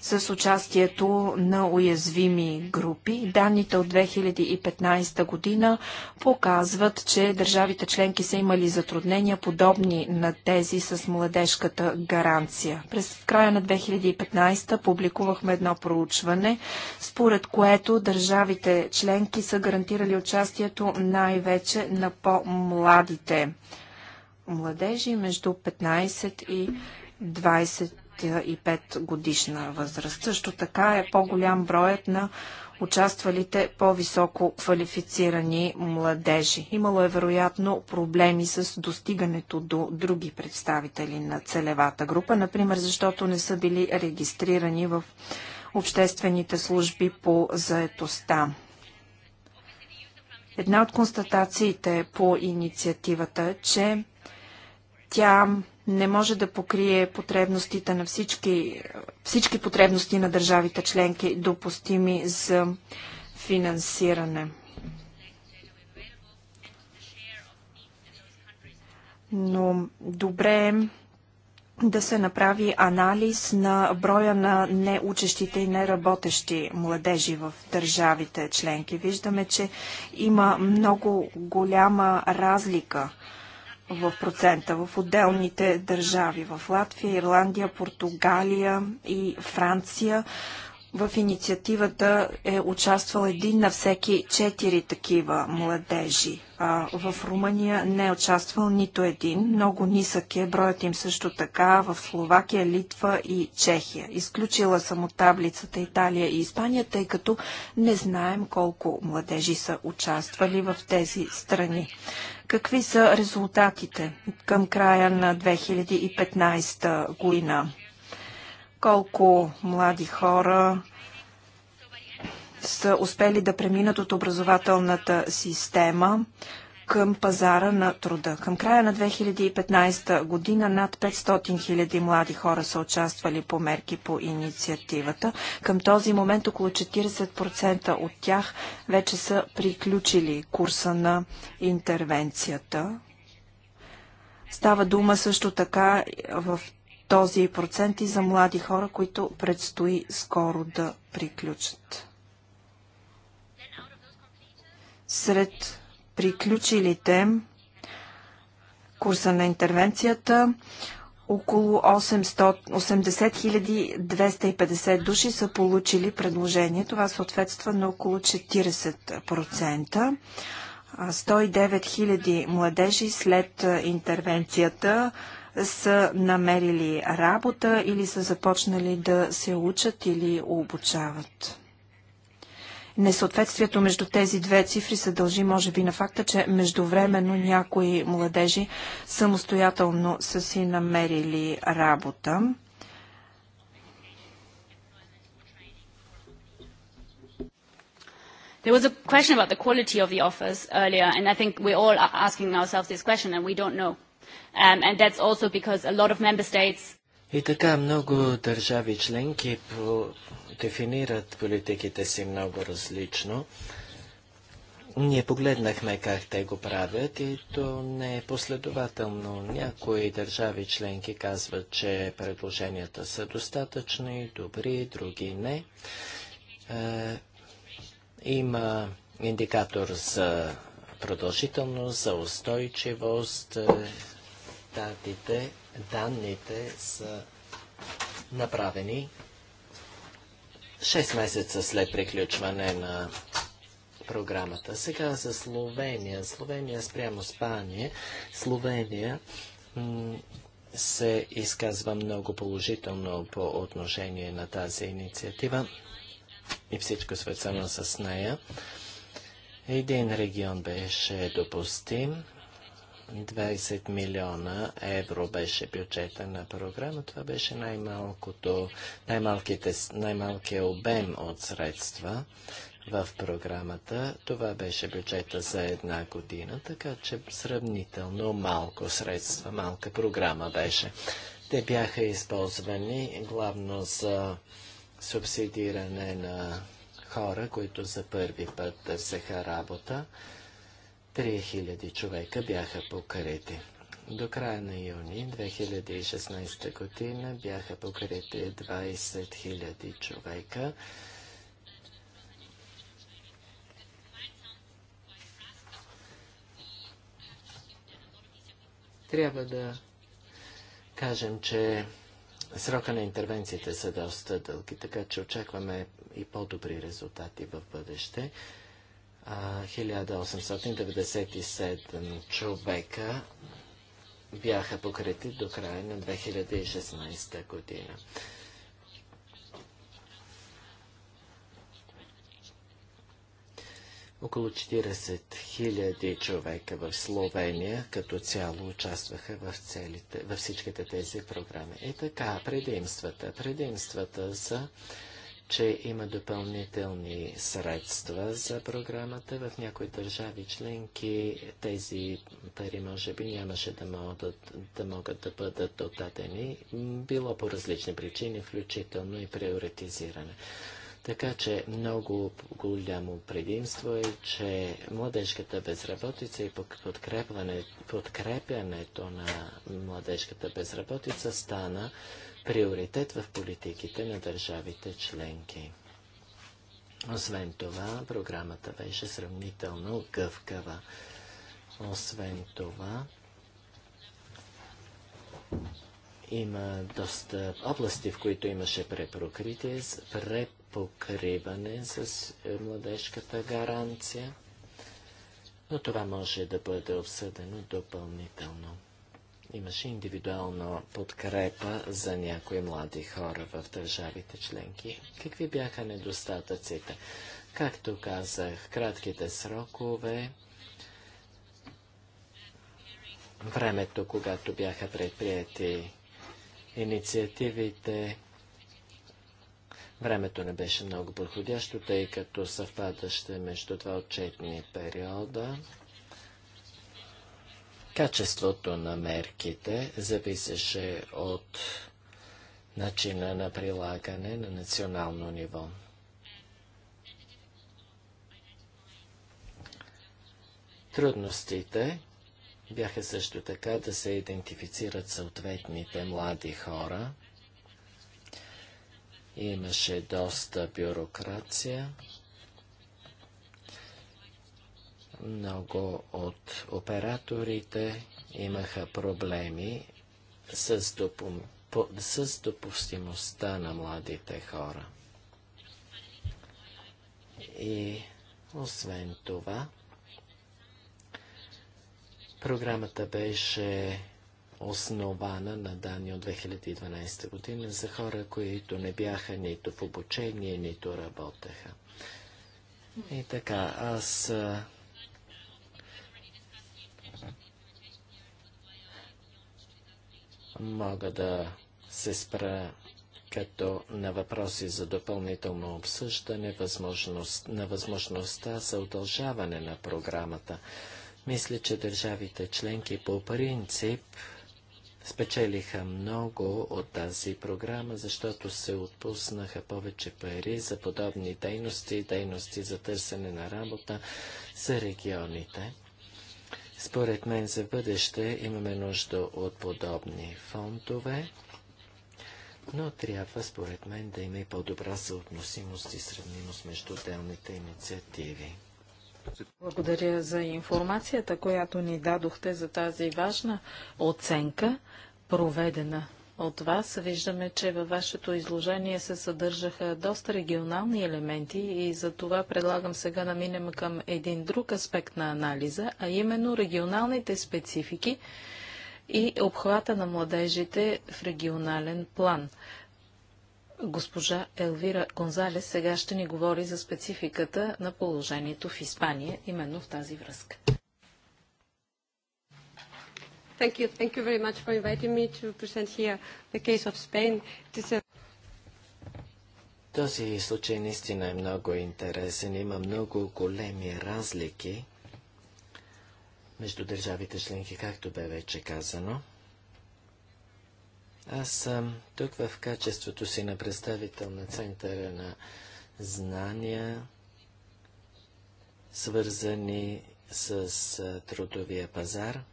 с участието на уязвими групи. Данните от 2015 година показват, че държавите членки са имали затруднения подобни на тези с младежката гаранция. През края на 2015 публикувахме едно проучване, според което държавите членки са гарантирали участието най-вече на по-младите младежи между 15 и 20 65 годишна възраст. Също така е по-голям броят на участвалите по-високо квалифицирани младежи. Имало е вероятно проблеми с достигането до други представители на целевата група, например защото не са били регистрирани в обществените служби по заетостта. Една от констатациите по инициативата е, че тя не може да покрие потребностите на всички, всички потребности на държавите членки, допустими за финансиране. Но добре е да се направи анализ на броя на неучещите и неработещи младежи в държавите членки. Виждаме, че има много голяма разлика в процента в отделните държави. В Латвия, Ирландия, Португалия и Франция в инициативата е участвал един на всеки четири такива младежи. А в Румъния не е участвал нито един. Много нисък е броят им също така в Словакия, Литва и Чехия. Изключила съм от таблицата Италия и Испания, тъй като не знаем колко младежи са участвали в тези страни. Какви са резултатите към края на 2015 година? Колко млади хора са успели да преминат от образователната система към пазара на труда. Към края на 2015 година над 500 000 млади хора са участвали по мерки по инициативата. Към този момент около 40% от тях вече са приключили курса на интервенцията. Става дума също така в този процент и за млади хора, които предстои скоро да приключат. Сред приключилите курса на интервенцията около 80 250 души са получили предложение. Това съответства на около 40%. 109 000 младежи след интервенцията са намерили работа или са започнали да се учат или обучават. Несъответствието между тези две цифри се дължи, може би, на факта, че междувременно някои младежи самостоятелно са си намерили работа. There was a question about the quality of the offers earlier, and I think we're all asking ourselves this question, and we don't know. Um, and that's also because a lot of member states и така много държави членки по... дефинират политиките си много различно. Ние погледнахме как те го правят и то не е последователно. Някои държави членки казват, че предложенията са достатъчни, добри, други не. Е, има индикатор за продължителност, за устойчивост, е, резултатите, данните са направени 6 месеца след приключване на програмата. Сега за Словения. Словения спрямо Спания. Словения се изказва много положително по отношение на тази инициатива и всичко свързано с нея. Един регион беше допустим, 20 милиона евро беше бюджета на програма. Това беше най-малкото, най-малките, най-малкият обем от средства в програмата. Това беше бюджета за една година, така че сравнително малко средства, малка програма беше. Те бяха използвани главно за субсидиране на хора, които за първи път търсеха работа. 3000 човека бяха покрити. До края на юни 2016 година бяха покрити 20 000 човека. Трябва да кажем, че срока на интервенциите са доста дълги, така че очакваме и по-добри резултати в бъдеще. 1897 човека бяха покрити до края на 2016 година. Около 40 000 човека в Словения като цяло участваха в, целите, във всичките тези програми. И така, предимствата. Предимствата са за че има допълнителни средства за програмата. В някои държави членки тези пари може би нямаше да могат да, могат да бъдат отдадени, било по различни причини, включително и приоритизиране. Така че много голямо предимство е, че младежката безработица и подкрепянето на младежката безработица стана приоритет в политиките на държавите членки. Освен това, програмата беше сравнително гъвкава. Освен това, има доста области, в които имаше препокритие, препокриване с е, младежката гаранция, но това може да бъде обсъдено допълнително. Имаше индивидуална подкрепа за някои млади хора в държавите членки. Какви бяха недостатъците? Както казах, кратките срокове, времето, когато бяха предприяти инициативите, Времето не беше много подходящо, тъй като съвпадаше между два отчетни периода. Качеството на мерките зависеше от начина на прилагане на национално ниво. Трудностите бяха също така да се идентифицират съответните млади хора. Имаше доста бюрокрация. Много от операторите имаха проблеми с, с допустимостта на младите хора. И освен това, програмата беше основана на данни от 2012 година за хора, които не бяха нито в обучение, нито работеха. И така, аз мога да се спра като на въпроси за допълнително обсъждане възможност, на възможността за удължаване на програмата. Мисля, че държавите членки по принцип спечелиха много от тази програма, защото се отпуснаха повече пари за подобни дейности, дейности за търсене на работа за регионите. Според мен за бъдеще имаме нужда от подобни фондове, но трябва според мен да има и по-добра съотносимост и сравнимост между отделните инициативи. Благодаря за информацията, която ни дадохте за тази важна оценка, проведена от вас. Виждаме, че във вашето изложение се съдържаха доста регионални елементи и за това предлагам сега да минем към един друг аспект на анализа, а именно регионалните специфики и обхвата на младежите в регионален план. Госпожа Елвира Гонзалес сега ще ни говори за спецификата на положението в Испания, именно в тази връзка. Thank you. Thank you very much for inviting me to present here the case of Spain. Този случай наистина е много интересен. Има много големи разлики между държавите членки, както бе вече казано. Аз съм тук в качеството си на представител на Центъра на знания, свързани с трудовия пазар –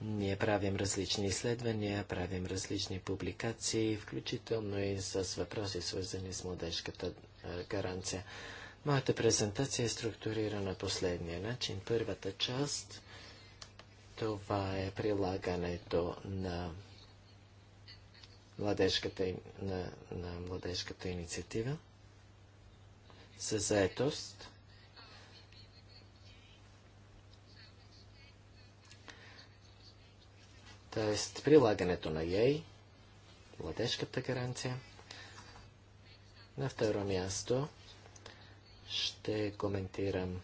ние правим различни изследвания, правим различни публикации, включително и с въпроси, свързани с младежката гаранция. Моята презентация е структурирана последния начин. Първата част това е прилагането на младежката, на, на младежката инициатива за заетост. т.е. прилагането на ЕЙ, младежката гаранция. На второ място ще коментирам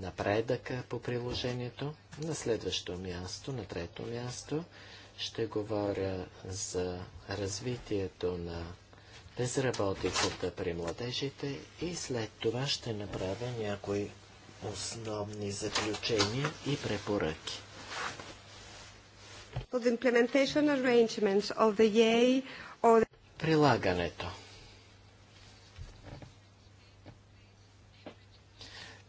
напредъка по приложението. На следващо място, на трето място, ще говоря за развитието на безработицата при младежите и след това ще направя някои основни заключения и препоръки. Прилагането.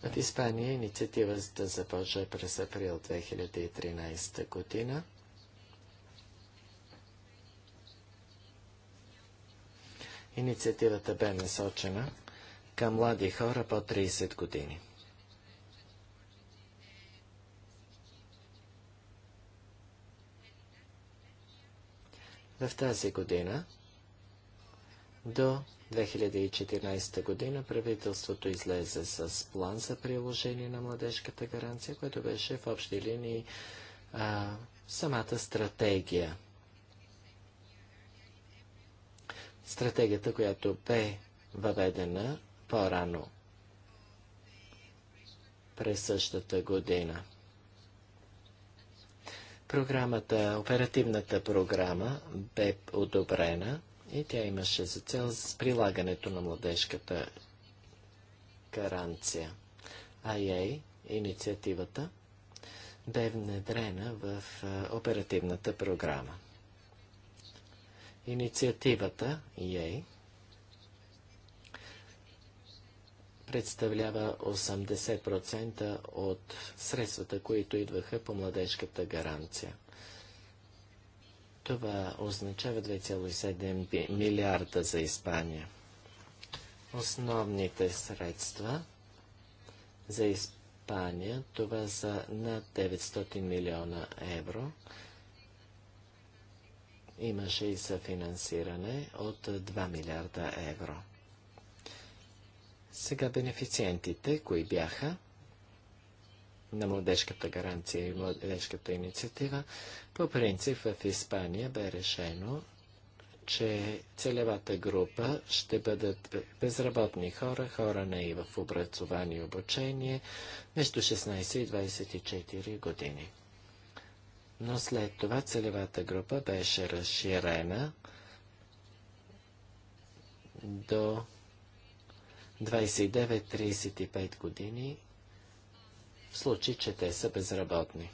В Испания инициативата започва през април 2013 година. Инициативата бе насочена към млади хора по 30 години. В тази година до 2014 година правителството излезе с план за приложение на младежката гаранция, което беше в общи линии а, самата стратегия. Стратегията, която бе въведена по-рано през същата година. Програмата, оперативната програма бе одобрена и тя имаше за цел с прилагането на младежката гаранция. АЕ, инициативата, бе внедрена в оперативната програма. Инициативата ЕЙ представлява 80% от средствата, които идваха по младежката гаранция. Това означава 2,7 милиарда за Испания. Основните средства за Испания, това са над 900 милиона евро. Имаше и съфинансиране от 2 милиарда евро. Сега бенефициентите, кои бяха на младежката гаранция и младежката инициатива, по принцип в Испания бе решено, че целевата група ще бъдат безработни хора, хора не и в образование и обучение, между 16 и 24 години. Но след това целевата група беше разширена до 29-35 години, в случай, че те са безработни.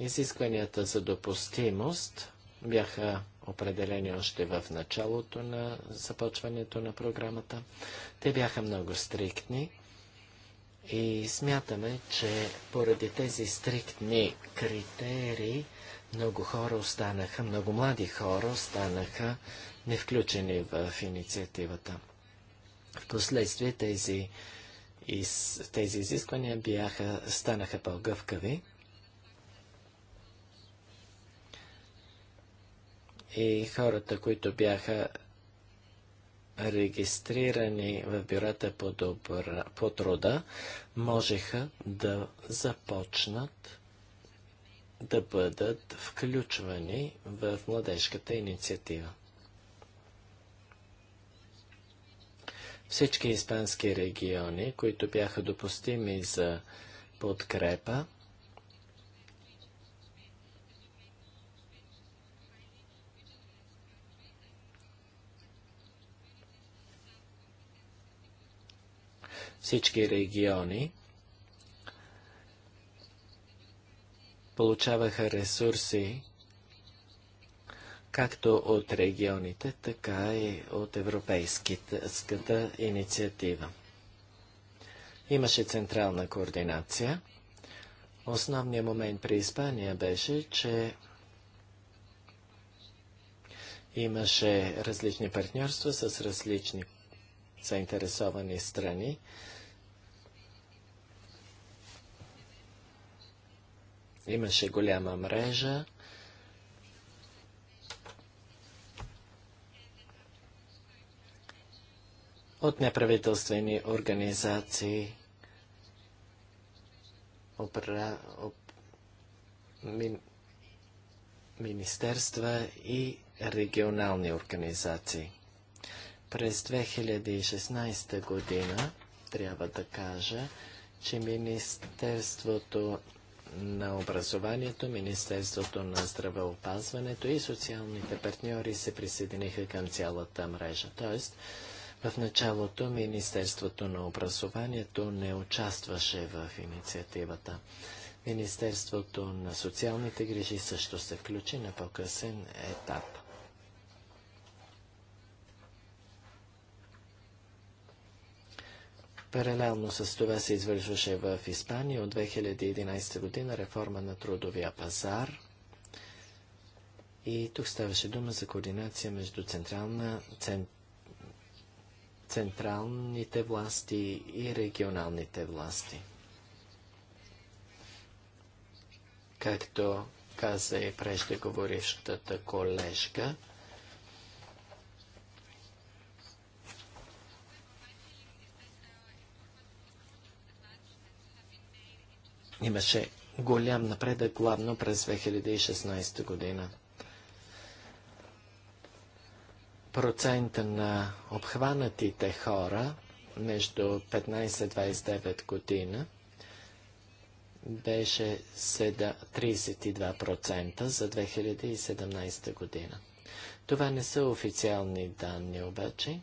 Изискванията за допустимост бяха определени още в началото на започването на програмата. Те бяха много стриктни и смятаме, че поради тези стриктни критерии много хора останаха, много млади хора останаха невключени в инициативата. В последствие тези, из, тези изисквания бяха, станаха по-гъвкави. И хората, които бяха регистрирани в бюрата по, добра, по труда, можеха да започнат да бъдат включвани в младежката инициатива. Всички испански региони, които бяха допустими за подкрепа, всички региони получаваха ресурси както от регионите, така и от европейската инициатива. Имаше централна координация. Основният момент при Испания беше, че имаше различни партньорства с различни заинтересовани страни. Имаше голяма мрежа от неправителствени организации, опра... оп... мин... министерства и регионални организации. През 2016 година трябва да кажа, че Министерството на образованието, Министерството на здравеопазването и социалните партньори се присъединиха към цялата мрежа. Тоест, в началото Министерството на образованието не участваше в инициативата. Министерството на социалните грижи също се включи на по-късен етап. Паралелно с това се извършваше в Испания от 2011 година реформа на трудовия пазар. И тук ставаше дума за координация между централна, цент, централните власти и регионалните власти. Както каза и преждеговорившата колежка, имаше голям напредък, главно през 2016 година процента на обхванатите хора между 15-29 година беше 32% за 2017 година. Това не са официални данни обаче.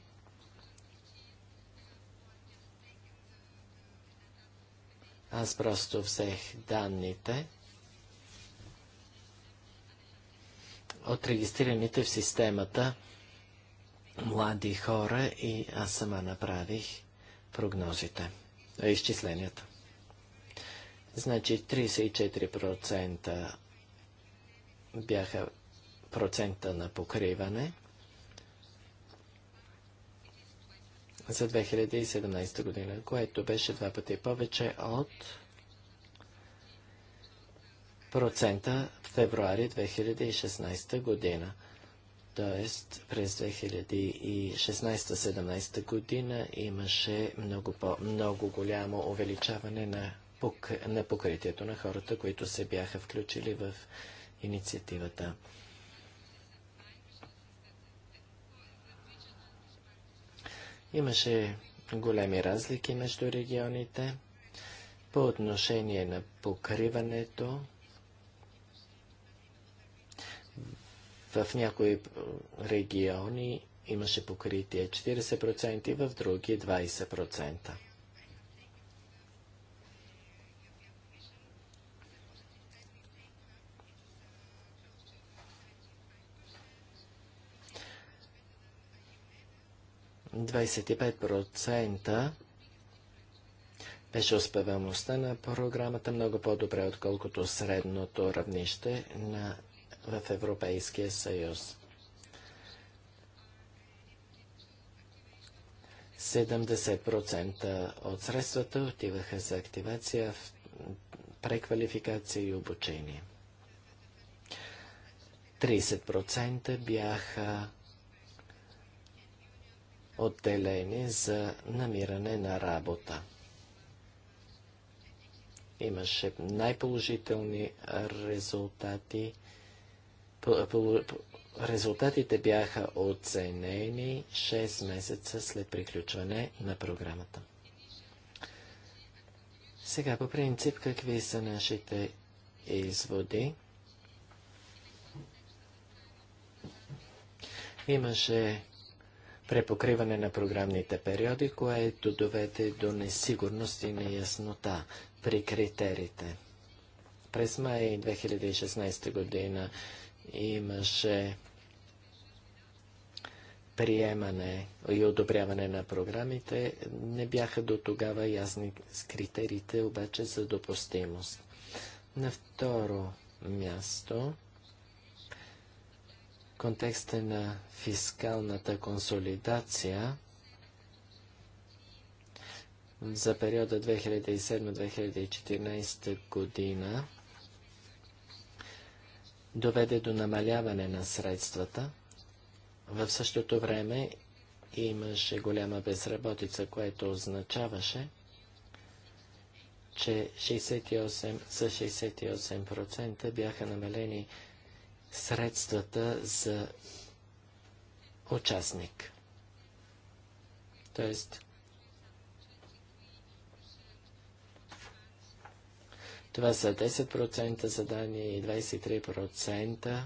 Аз просто взех данните от регистрираните в системата млади хора и аз сама направих прогнозите, изчисленията. Значи 34% бяха процента на покриване за 2017 година, което беше два пъти повече от процента в февруари 2016 година т.е. през 2016-17 година имаше много, по, много голямо увеличаване на, пок, на покритието на хората, които се бяха включили в инициативата. Имаше големи разлики между регионите по отношение на покриването В някои е, региони имаше покритие 40%, в други 20%. процента беше успеваемостта на програмата много по-добре, отколкото средното равнище на в Европейския съюз. 70% от средствата отиваха за активация, преквалификация и обучение. 30% бяха отделени за намиране на работа. Имаше най-положителни резултати – Резултатите бяха оценени 6 месеца след приключване на програмата. Сега по принцип какви са нашите изводи? Имаше препокриване на програмните периоди, което доведе до несигурност и неяснота при критерите. През май 2016 година имаше приемане и одобряване на програмите. Не бяха до тогава ясни с критериите обаче за допустимост. На второ място контекста на фискалната консолидация за периода 2007-2014 година доведе до намаляване на средствата. В същото време имаше голяма безработица, което означаваше, че 68, за 68% бяха намалени средствата за участник. Тоест, Това са 10% за Дания и 23%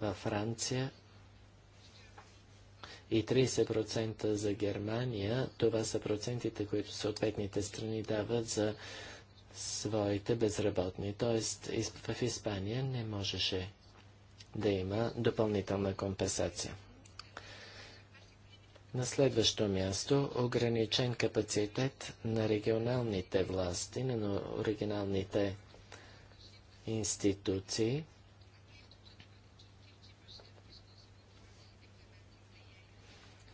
във Франция и 30% за Германия. Това са процентите, които съответните страни дават за своите безработни. Тоест в Испания не можеше да има допълнителна компенсация. На следващо място ограничен капацитет на регионалните власти, на оригиналните институции.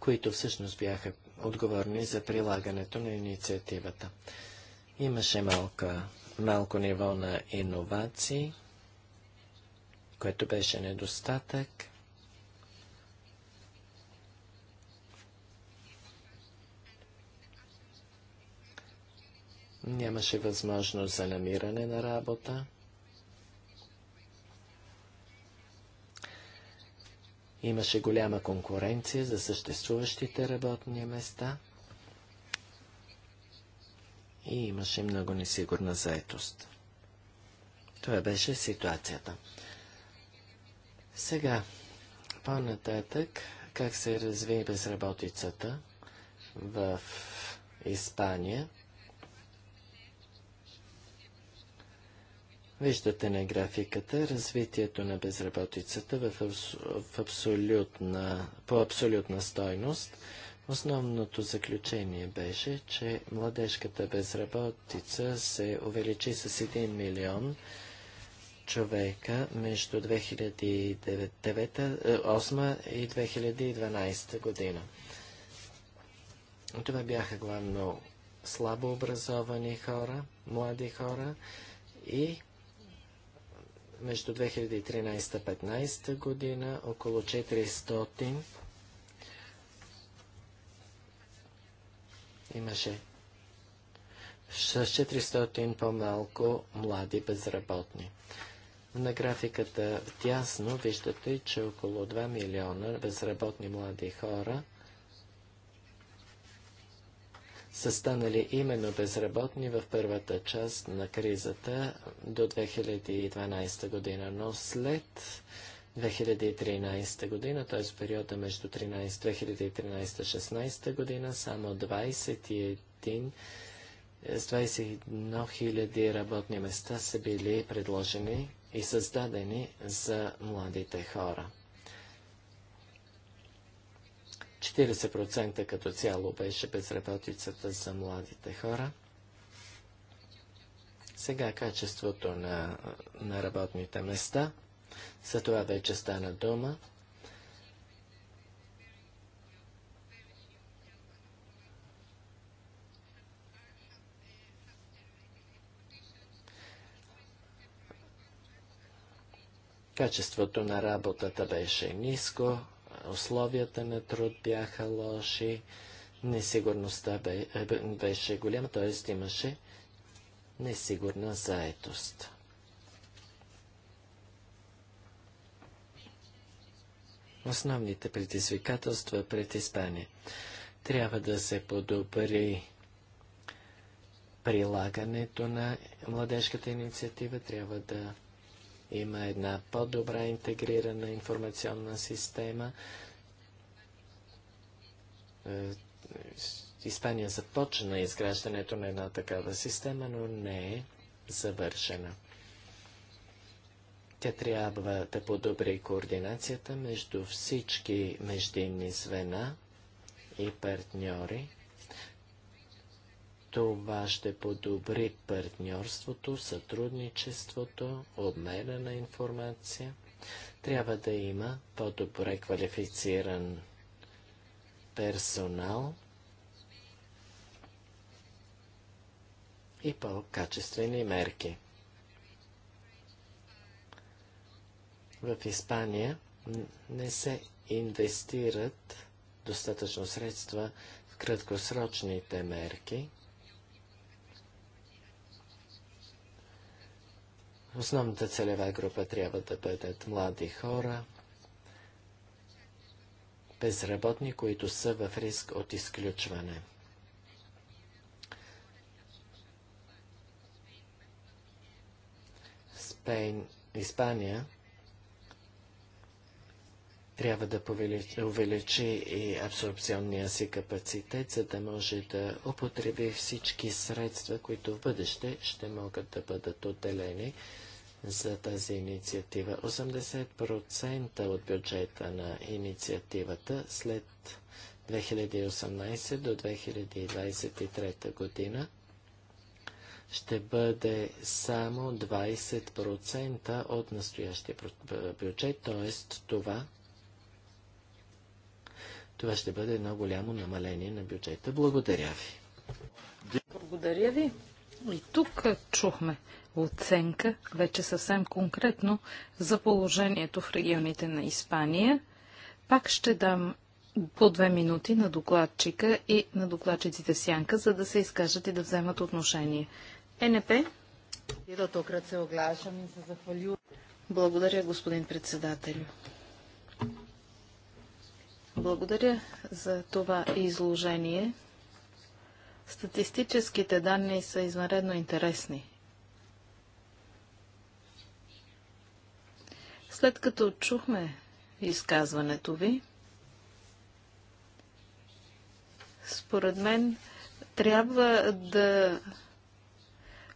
които всъщност бяха отговорни за прилагането на инициативата. Имаше малко, малко ниво на иновации, което беше недостатък. Нямаше възможност за намиране на работа. Имаше голяма конкуренция за съществуващите работни места и имаше много несигурна заетост. Това беше ситуацията. Сега, по-нататък, как се разви безработицата в Испания – Виждате на графиката развитието на безработицата в, в абсолютна, по абсолютна стойност. Основното заключение беше, че младежката безработица се увеличи с 1 милион човека между 2008 е, и 2012 година. Това бяха главно слабо образовани хора, млади хора и между 2013-15 година около 400 имаше с 400 по-малко млади безработни. На графиката тясно виждате, че около 2 милиона безработни млади хора – са станали именно безработни в първата част на кризата до 2012 година. Но след 2013 година, т.е. в периода между 2013 2016 година, само 21 с 21 хиляди работни места са били предложени и създадени за младите хора. 40% като цяло беше безработицата за младите хора. Сега качеството на, на работните места, за това вече стана дома. Качеството на работата беше ниско, условията на труд бяха лоши, несигурността е, беше голяма, т.е. имаше несигурна заетост. Основните предизвикателства пред Испания. Трябва да се подобри прилагането на младежката инициатива, трябва да има една по-добра интегрирана информационна система. Е, Испания започна изграждането на една такава система, но не е завършена. Тя трябва да подобри координацията между всички междинни звена и партньори. Това ще подобри партньорството, сътрудничеството, обмена на информация. Трябва да има по-добре квалифициран персонал и по-качествени мерки. В Испания не се инвестират достатъчно средства в краткосрочните мерки Основната целева група трябва да бъдат млади хора, безработни, които са в риск от изключване. Спейн, Испания трябва да увеличи и абсорбционния си капацитет, за да може да употреби всички средства, които в бъдеще ще могат да бъдат отделени за тази инициатива. 80% от бюджета на инициативата след 2018 до 2023 година ще бъде само 20% от настоящия бюджет, т.е. това, това ще бъде едно голямо намаление на бюджета. Благодаря ви. Благодаря ви. И тук чухме оценка, вече съвсем конкретно, за положението в регионите на Испания. Пак ще дам по две минути на докладчика и на докладчиците сянка, за да се изкажат и да вземат отношение. ЕНП? Благодаря, господин председател. Благодаря за това изложение. Статистическите данни са извънредно интересни. След като чухме изказването ви, според мен трябва да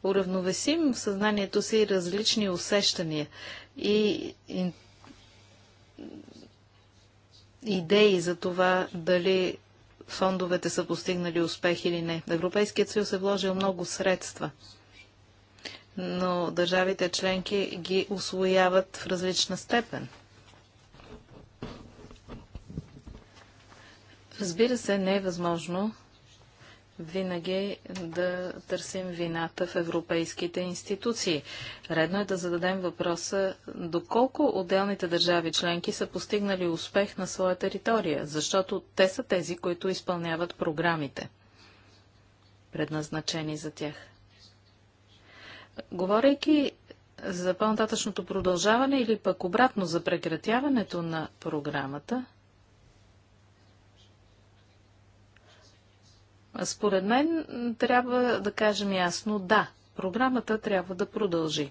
уравновесим в съзнанието си различни усещания и идеи за това дали фондовете са постигнали успех или не. Европейският съюз е вложил много средства, но държавите членки ги освояват в различна степен. Разбира се, не е възможно винаги да търсим вината в европейските институции. Редно е да зададем въпроса доколко отделните държави членки са постигнали успех на своя територия, защото те са тези, които изпълняват програмите, предназначени за тях. Говорейки за по-нататъчното продължаване или пък обратно за прекратяването на програмата, Според мен трябва да кажем ясно да, програмата трябва да продължи.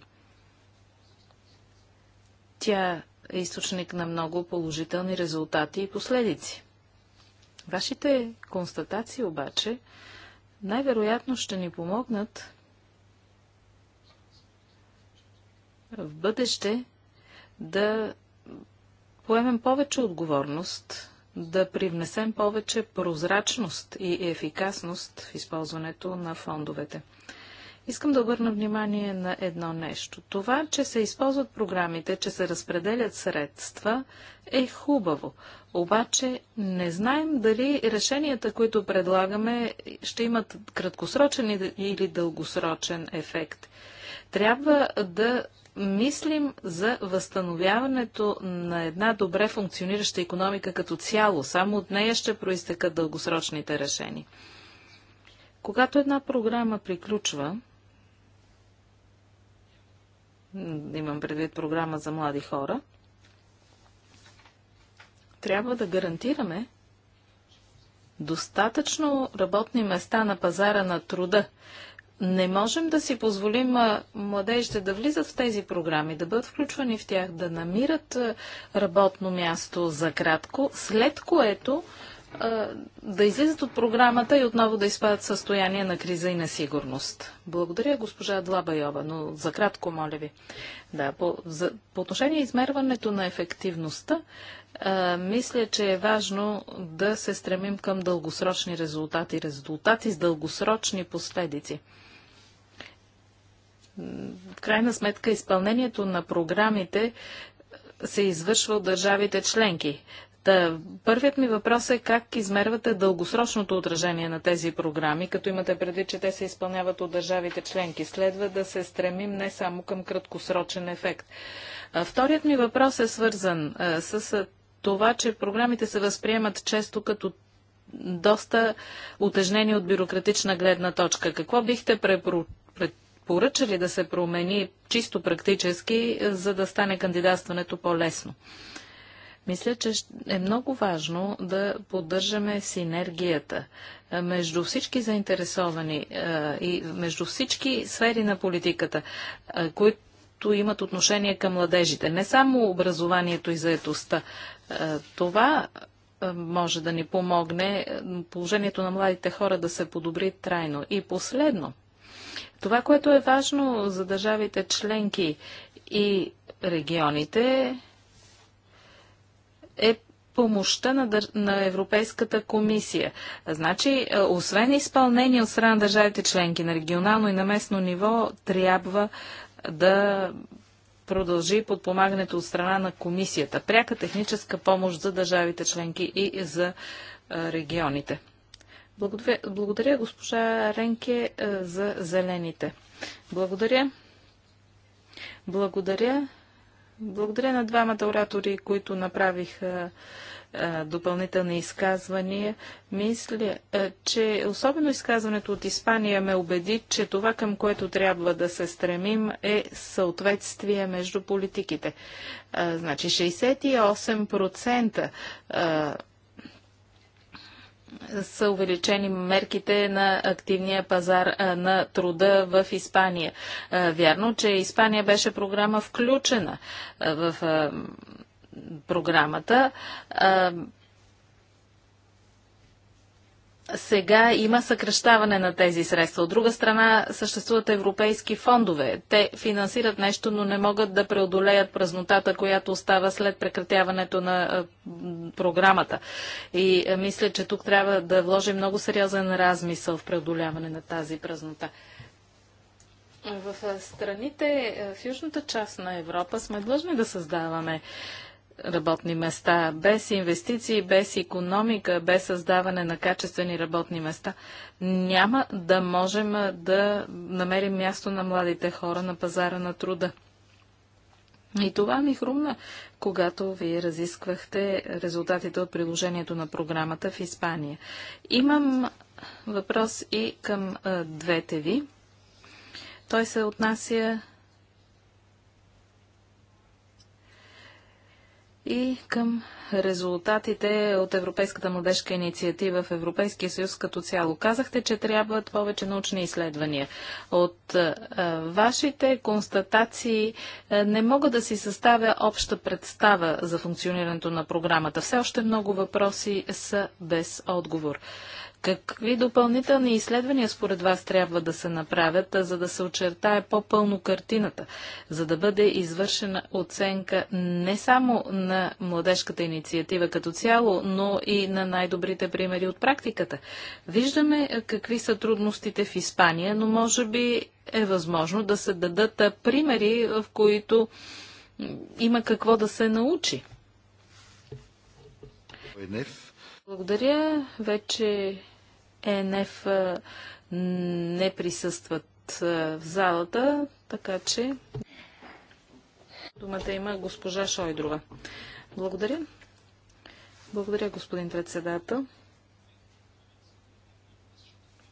Тя е източник на много положителни резултати и последици. Вашите констатации обаче най-вероятно ще ни помогнат в бъдеще да поемем повече отговорност да привнесем повече прозрачност и ефикасност в използването на фондовете. Искам да обърна внимание на едно нещо. Това, че се използват програмите, че се разпределят средства, е хубаво. Обаче не знаем дали решенията, които предлагаме, ще имат краткосрочен или дългосрочен ефект. Трябва да мислим за възстановяването на една добре функционираща економика като цяло. Само от нея ще проистекат дългосрочните решения. Когато една програма приключва, имам предвид програма за млади хора, трябва да гарантираме достатъчно работни места на пазара на труда, не можем да си позволим младежите да влизат в тези програми, да бъдат включвани в тях, да намират работно място за кратко, след което да излизат от програмата и отново да изпадат в състояние на криза и несигурност. Благодаря, госпожа Длабайова, но за кратко, моля ви. Да, по, за, по отношение измерването на ефективността, а, мисля, че е важно да се стремим към дългосрочни резултати, резултати с дългосрочни последици. В крайна сметка изпълнението на програмите се извършва от държавите членки. Та, първият ми въпрос е как измервате дългосрочното отражение на тези програми, като имате предвид, че те се изпълняват от държавите членки. Следва да се стремим не само към краткосрочен ефект. Вторият ми въпрос е свързан а, с това, че програмите се възприемат често като доста утежнени от бюрократична гледна точка. Какво бихте препоръчали? ли да се промени чисто практически, за да стане кандидатстването по-лесно. Мисля, че е много важно да поддържаме синергията между всички заинтересовани и между всички сфери на политиката, които които имат отношение към младежите. Не само образованието и заетостта. Това може да ни помогне положението на младите хора да се подобри трайно. И последно, това, което е важно за държавите членки и регионите е помощта на, дър... на Европейската комисия. Значи, е, освен изпълнение от страна на държавите членки на регионално и на местно ниво, трябва да продължи подпомагането от страна на комисията. Пряка техническа помощ за държавите членки и за е, регионите. Благодаря, благодаря госпожа Ренке е, за зелените. Благодаря. Благодаря. Благодаря на двамата оратори, които направиха е, допълнителни изказвания. Мисля, е, че особено изказването от Испания ме убеди, че това към което трябва да се стремим е съответствие между политиките. Значи 68% са увеличени мерките на активния пазар на труда в Испания. вярно, че Испания беше програма включена в програмата сега има съкръщаване на тези средства. От друга страна съществуват европейски фондове. Те финансират нещо, но не могат да преодолеят празнотата, която остава след прекратяването на програмата. И мисля, че тук трябва да вложим много сериозен размисъл в преодоляване на тази празнота. В страните в южната част на Европа сме длъжни да създаваме работни места. Без инвестиции, без економика, без създаване на качествени работни места няма да можем да намерим място на младите хора на пазара на труда. И това ми хрумна, когато вие разисквахте резултатите от приложението на програмата в Испания. Имам въпрос и към двете ви. Той се отнася и към резултатите от Европейската младежка инициатива в Европейския съюз като цяло. Казахте, че трябват повече научни изследвания. От а, вашите констатации а, не мога да си съставя обща представа за функционирането на програмата. Все още много въпроси са без отговор. Какви допълнителни изследвания според вас трябва да се направят, за да се очертае по-пълно картината, за да бъде извършена оценка не само на младежката инициатива като цяло, но и на най-добрите примери от практиката? Виждаме какви са трудностите в Испания, но може би е възможно да се дадат примери, в които има какво да се научи. Благодаря. Вече ЕНФ не присъстват в залата, така че думата има госпожа Шойдрова. Благодаря. Благодаря, господин председател.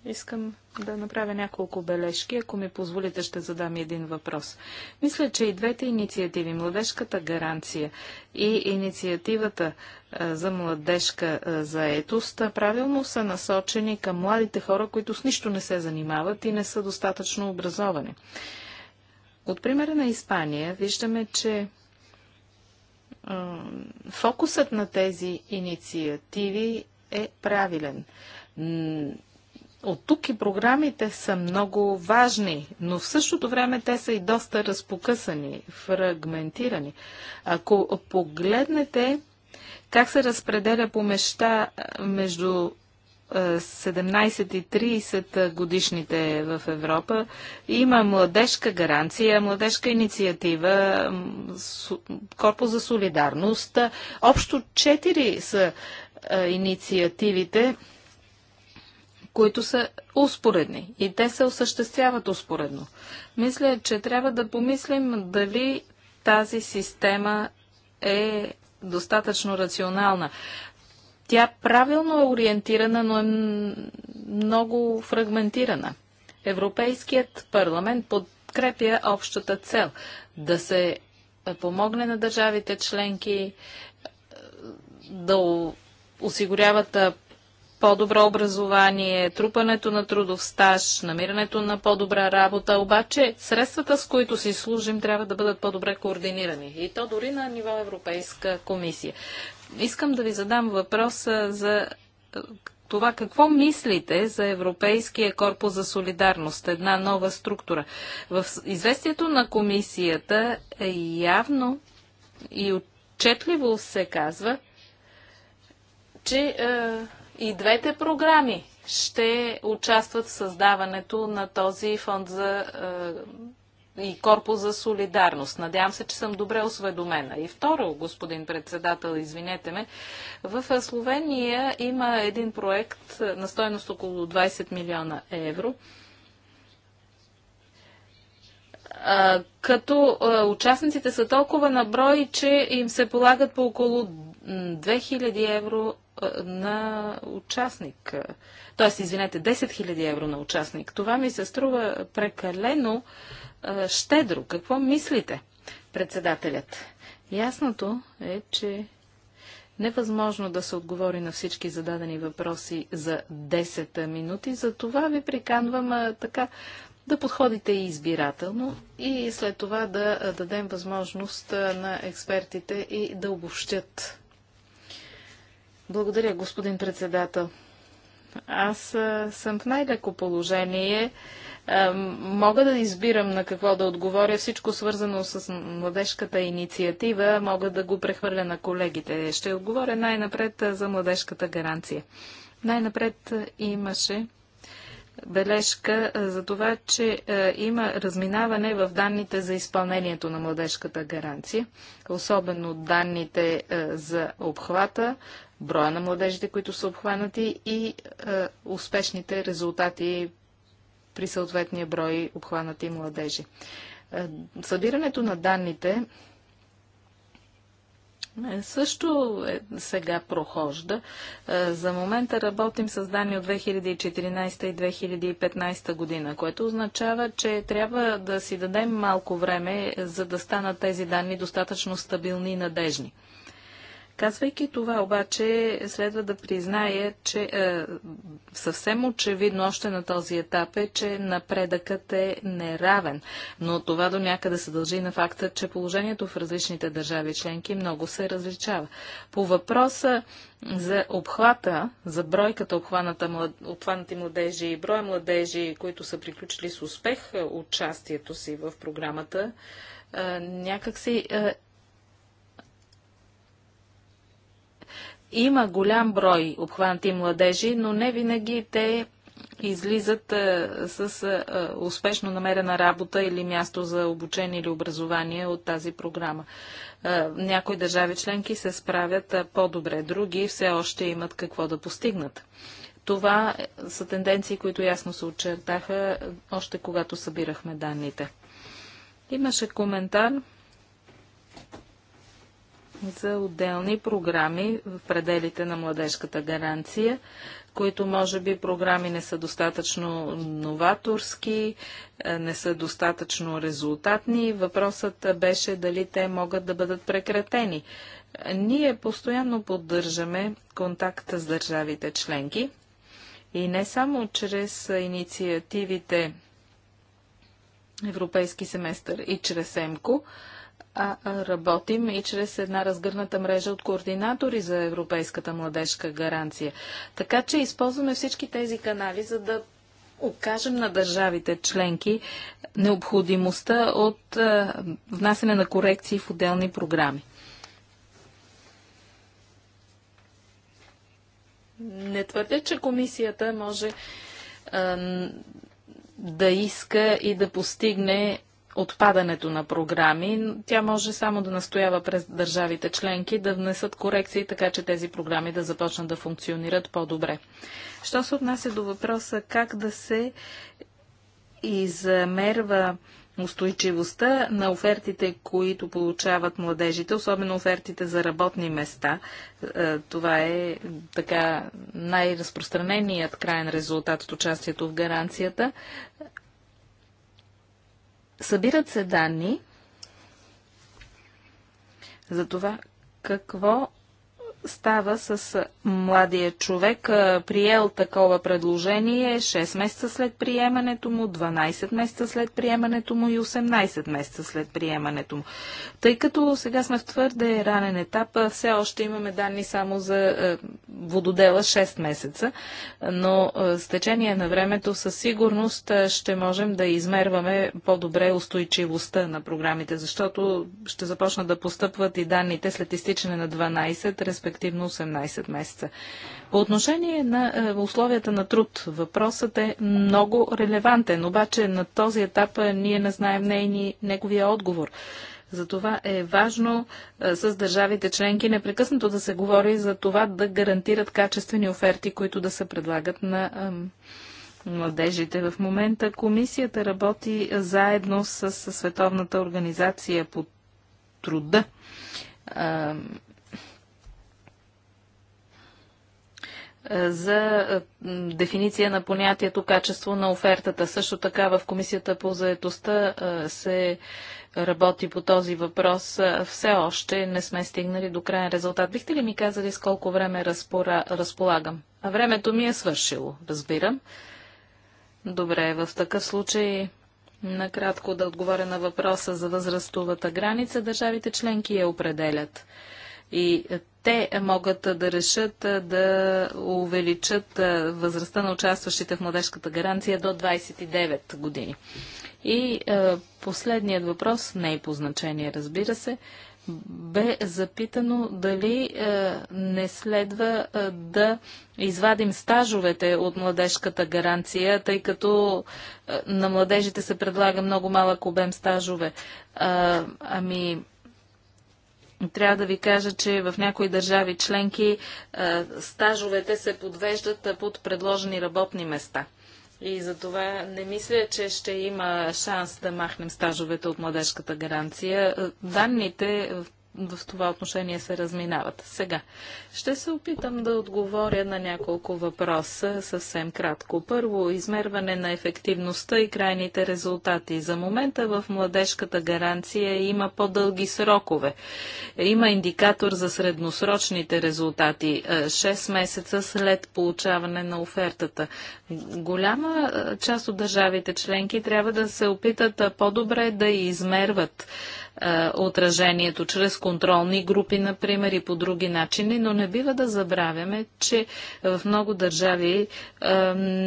Искам да направя няколко бележки. Ако ми позволите, ще задам един въпрос. Мисля, че и двете инициативи, младежката гаранция и инициативата за младежка заетост, правилно са насочени към младите хора, които с нищо не се занимават и не са достатъчно образовани. От примера на Испания виждаме, че фокусът на тези инициативи е правилен от тук и програмите са много важни, но в същото време те са и доста разпокъсани, фрагментирани. Ако погледнете как се разпределя по меща между 17 и 30 годишните в Европа. Има младежка гаранция, младежка инициатива, корпус за солидарност. Общо 4 са инициативите, които са успоредни и те се осъществяват успоредно. Мисля, че трябва да помислим дали тази система е достатъчно рационална. Тя правилно е ориентирана, но е много фрагментирана. Европейският парламент подкрепя общата цел да се помогне на държавите членки да осигуряват по-добро образование, трупането на трудов стаж, намирането на по-добра работа, обаче средствата, с които си служим, трябва да бъдат по-добре координирани. И то дори на ниво Европейска комисия. Искам да ви задам въпроса за е, това какво мислите за Европейския корпус за солидарност, една нова структура. В известието на комисията е явно и отчетливо се казва, че е, и двете програми ще участват в създаването на този фонд за е, и Корпус за солидарност. Надявам се, че съм добре осведомена. И второ, господин председател, извинете ме, в Словения има един проект на стоеност около 20 милиона евро, като участниците са толкова на брой, че им се полагат по около 2000 евро на участник. Тоест, извинете, 10 000 евро на участник. Това ми се струва прекалено щедро. Какво мислите, председателят? Ясното е, че невъзможно да се отговори на всички зададени въпроси за 10 минути. За това ви приканвам така да подходите и избирателно и след това да дадем възможност на експертите и да обобщят благодаря, господин председател. Аз съм в най-леко положение. мога да избирам на какво да отговоря. Всичко свързано с младежката инициатива мога да го прехвърля на колегите. Ще отговоря най-напред за младежката гаранция. Най-напред имаше бележка за това, че има разминаване в данните за изпълнението на младежката гаранция, особено данните за обхвата, броя на младежите, които са обхванати и е, успешните резултати при съответния брой обхванати младежи. Е, събирането на данните е, също е, сега прохожда. Е, за момента работим с данни от 2014 и 2015 година, което означава, че трябва да си дадем малко време, за да станат тези данни достатъчно стабилни и надежни. Казвайки това, обаче, следва да призная, че е, съвсем очевидно още на този етап е, че напредъкът е неравен. Но това до някъде се дължи на факта, че положението в различните държави членки много се различава. По въпроса за обхвата, за бройката обхванати младежи и броя младежи, които са приключили с успех е, участието си в програмата, е, някакси е, Има голям брой обхванати младежи, но не винаги те излизат с успешно намерена работа или място за обучение или образование от тази програма. някои държави членки се справят по-добре, други все още имат какво да постигнат. Това е, са тенденции, които ясно се очертаха още когато събирахме данните. Имаше коментар за отделни програми в пределите на младежката гаранция, които може би програми не са достатъчно новаторски, е, не са достатъчно резултатни. Въпросът беше дали те могат да бъдат прекратени. Ние постоянно поддържаме контакта с държавите членки и не само чрез инициативите Европейски семестър и чрез ЕМКО, а работим и чрез една разгърната мрежа от координатори за Европейската младежка гаранция. Така че използваме всички тези канали, за да окажем на държавите членки необходимостта от а, внасене на корекции в отделни програми. Не твърдя, че комисията може а, да иска и да постигне отпадането на програми. Тя може само да настоява през държавите членки да внесат корекции, така че тези програми да започнат да функционират по-добре. Що се отнася до въпроса как да се измерва устойчивостта на офертите, които получават младежите, особено офертите за работни места. Е, това е така най-разпространеният крайен резултат от участието в гаранцията. Събират се данни за това какво става с младия човек, приел такова предложение 6 месеца след приемането му, 12 месеца след приемането му и 18 месеца след приемането му. Тъй като сега сме в твърде ранен етап, все още имаме данни само за вододела 6 месеца, но с течение на времето със сигурност ще можем да измерваме по-добре устойчивостта на програмите, защото ще започнат да постъпват и данните след изтичане на 12, респективно респективно 18 месеца. По отношение на е, условията на труд, въпросът е много релевантен, обаче на този етап е, ние не знаем нейни, неговия отговор. Затова е важно е, с държавите членки непрекъснато да се говори за това да гарантират качествени оферти, които да се предлагат на младежите. В момента комисията работи заедно с, Световната организация по труда. Е, за е, дефиниция на понятието качество на офертата. Също така в Комисията по заедостта е, се работи по този въпрос. Все още не сме стигнали до крайен резултат. Бихте ли ми казали с колко време разпора... разполагам? А времето ми е свършило, разбирам. Добре, в такъв случай накратко да отговоря на въпроса за възрастовата граница. Държавите членки я определят. И те могат да решат да увеличат възрастта на участващите в младежката гаранция до 29 години. И е, последният въпрос, не и по значение, разбира се, бе запитано дали е, не следва е, да извадим стажовете от младежката гаранция, тъй като е, на младежите се предлага много малък обем стажове. Е, ами, трябва да ви кажа, че в някои държави членки е, стажовете се подвеждат е, под предложени работни места. И за това не мисля, че ще има шанс да махнем стажовете от младежката гаранция. Е, данните в в това отношение се разминават. Сега, ще се опитам да отговоря на няколко въпроса съвсем кратко. Първо, измерване на ефективността и крайните резултати. За момента в младежката гаранция има по-дълги срокове. Има индикатор за средносрочните резултати, 6 е, месеца след получаване на офертата. Голяма е, част от държавите членки трябва да се опитат е, по-добре да измерват е, отражението, чрез контролни групи, например, и по други начини, но не бива да забравяме, че в много държави е,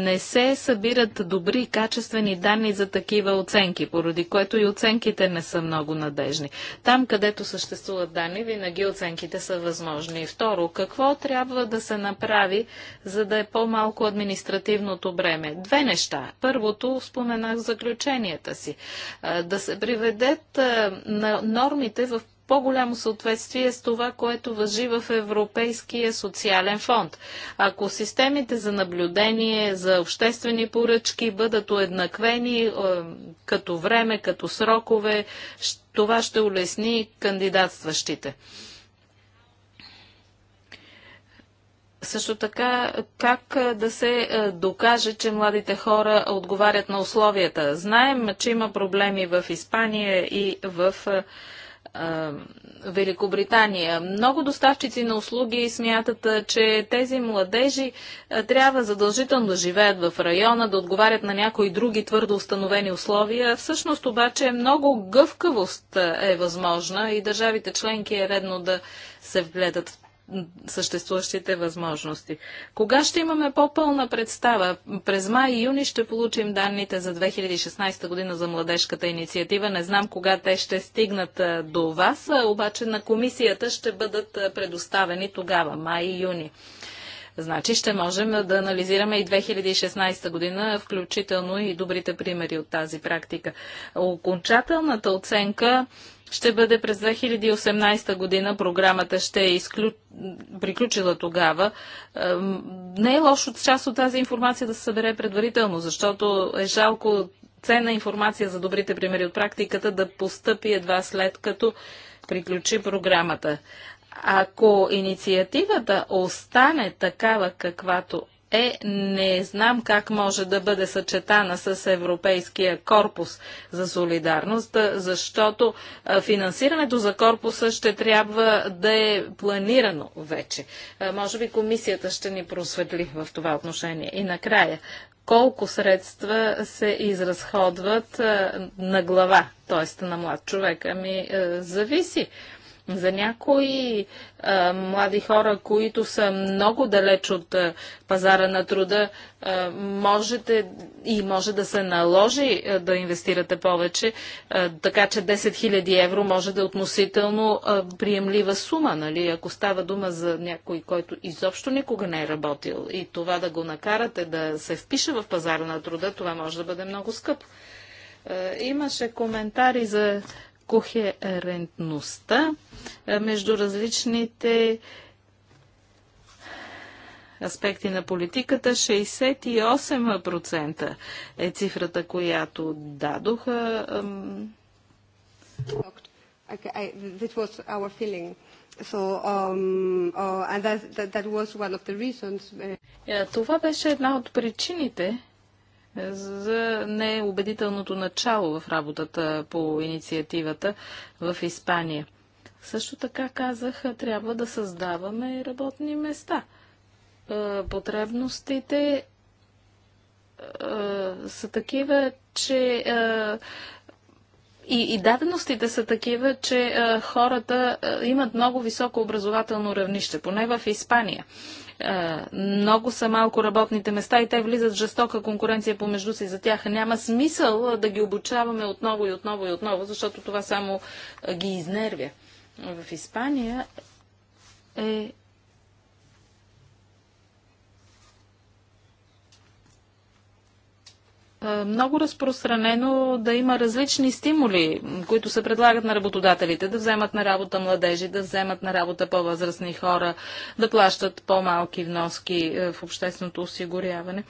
не се събират добри качествени данни за такива оценки, поради което и оценките не са много надежни. Там, където съществуват данни, винаги оценките са възможни. И второ, какво трябва да се направи, за да е по-малко административното бреме? Две неща. Първото споменах заключенията си. Е, да се приведат на нормите в по-голямо съответствие с това, което въжи в Европейския социален фонд. Ако системите за наблюдение за обществени поръчки бъдат уеднаквени е, като време, като срокове, това ще улесни кандидатстващите. Също така, как да се докаже, че младите хора отговарят на условията? Знаем, че има проблеми в Испания и в Великобритания. Много доставчици на услуги смятат, че тези младежи трябва задължително да живеят в района, да отговарят на някои други твърдо установени условия. Всъщност обаче много гъвкавост е възможна и държавите членки е редно да се вгледат в съществуващите възможности. Кога ще имаме по-пълна представа? През май и юни ще получим данните за 2016 година за младежката инициатива. Не знам кога те ще стигнат до вас, обаче на комисията ще бъдат предоставени тогава, май и юни. Значи ще можем да анализираме и 2016 година, включително и добрите примери от тази практика. Окончателната оценка ще бъде през 2018 година. Програмата ще е изклю... приключила тогава. Не е лошо част от тази информация да се събере предварително, защото е жалко ценна информация за добрите примери от практиката да постъпи едва след като приключи програмата. Ако инициативата остане такава каквато е не знам как може да бъде съчетана с Европейския корпус за солидарност, защото финансирането за корпуса ще трябва да е планирано вече. Може би комисията ще ни просветли в това отношение. И накрая, колко средства се изразходват на глава, т.е. на млад човек? Ами, зависи. За някои а, млади хора, които са много далеч от а, пазара на труда, а, можете и може да се наложи а, да инвестирате повече, а, така че 10 000 евро може да е относително а, приемлива сума, нали? ако става дума за някой, който изобщо никога не е работил и това да го накарате да се впише в пазара на труда, това може да бъде много скъпо. Имаше коментари за кохерентността между различните аспекти на политиката. 68% е цифрата, която дадоха. Това беше една от причините, за неубедителното начало в работата по инициативата в Испания. Също така казах, трябва да създаваме работни места. Е, потребностите е, са такива, че е, и, и даденостите са такива, че а, хората а, имат много високо образователно равнище, поне в Испания. Много са малко работните места и те влизат в жестока конкуренция помежду си за тях. Няма смисъл да ги обучаваме отново и отново и отново, защото това само ги изнервя. В Испания е Е, много разпространено да има различни стимули, които се предлагат на работодателите, да вземат на работа младежи, да вземат на работа по-възрастни хора, да плащат по-малки вноски е, в общественото осигуряване.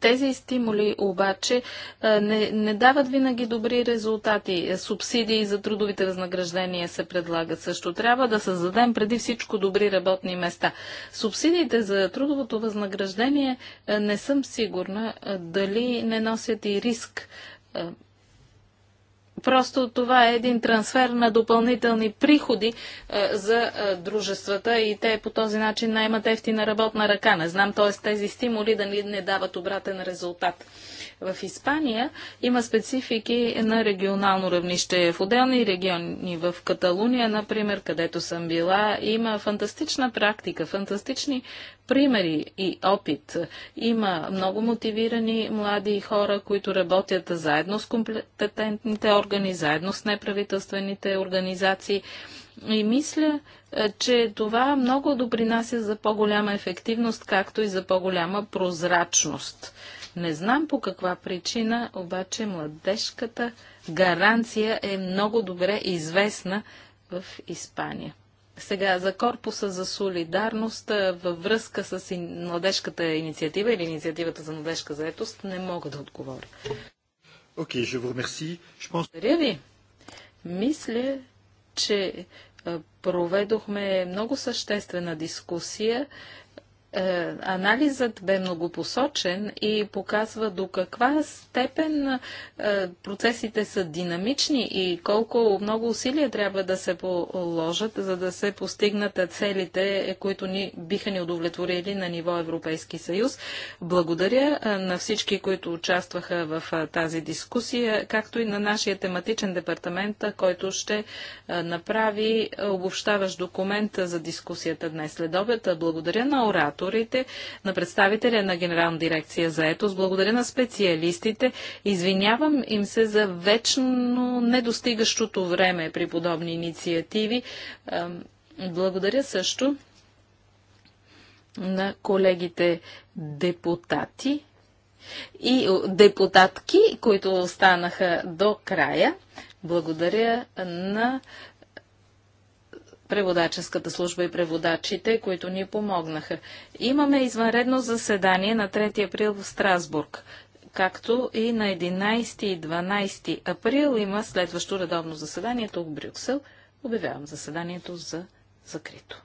Тези стимули обаче не, не дават винаги добри резултати. Субсидии за трудовите възнаграждения се предлагат също. Трябва да създадем преди всичко добри работни места. Субсидиите за трудовото възнаграждение не съм сигурна дали не носят и риск Просто това е един трансфер на допълнителни приходи е, за е, дружествата и те по този начин наймат ефтина работна ръка. Не знам, т.е. тези стимули да ни не дават обратен резултат. В Испания има специфики на регионално равнище. В отделни региони, в Каталуния, например, където съм била, има фантастична практика, фантастични примери и опит. Има много мотивирани млади хора, които работят заедно с компетентните органи, заедно с неправителствените организации. И мисля, е, че това много допринася за по-голяма ефективност, както и за по-голяма прозрачност не знам по каква причина, обаче младежката гаранция е много добре известна в Испания. Сега за корпуса за солидарност във връзка с младежката инициатива или инициативата за младежка заетост не мога да отговоря. Окей, okay, je vous remercie. Je pense... Благодаря ви. Мисля, че проведохме много съществена дискусия е, анализът бе многопосочен и показва до каква степен е, процесите са динамични и колко много усилия трябва да се положат, за да се постигнат целите, които ни биха ни удовлетворили на ниво Европейски съюз. Благодаря е, на всички, които участваха в тази дискусия, както и на нашия тематичен департамент, който ще направи обобщаващ документ за дискусията днес след обед. Благодаря на оратор кандидатурите на представителя на Генерална дирекция за етост. Благодаря на специалистите. Извинявам им се за вечно недостигащото време при подобни инициативи. Благодаря също на колегите депутати и депутатки, които останаха до края. Благодаря на преводаческата служба и преводачите, които ни помогнаха. Имаме извънредно заседание на 3 април в Страсбург, както и на 11 и 12 април има следващо редовно заседание тук в Брюксел. Обявявам заседанието за закрито.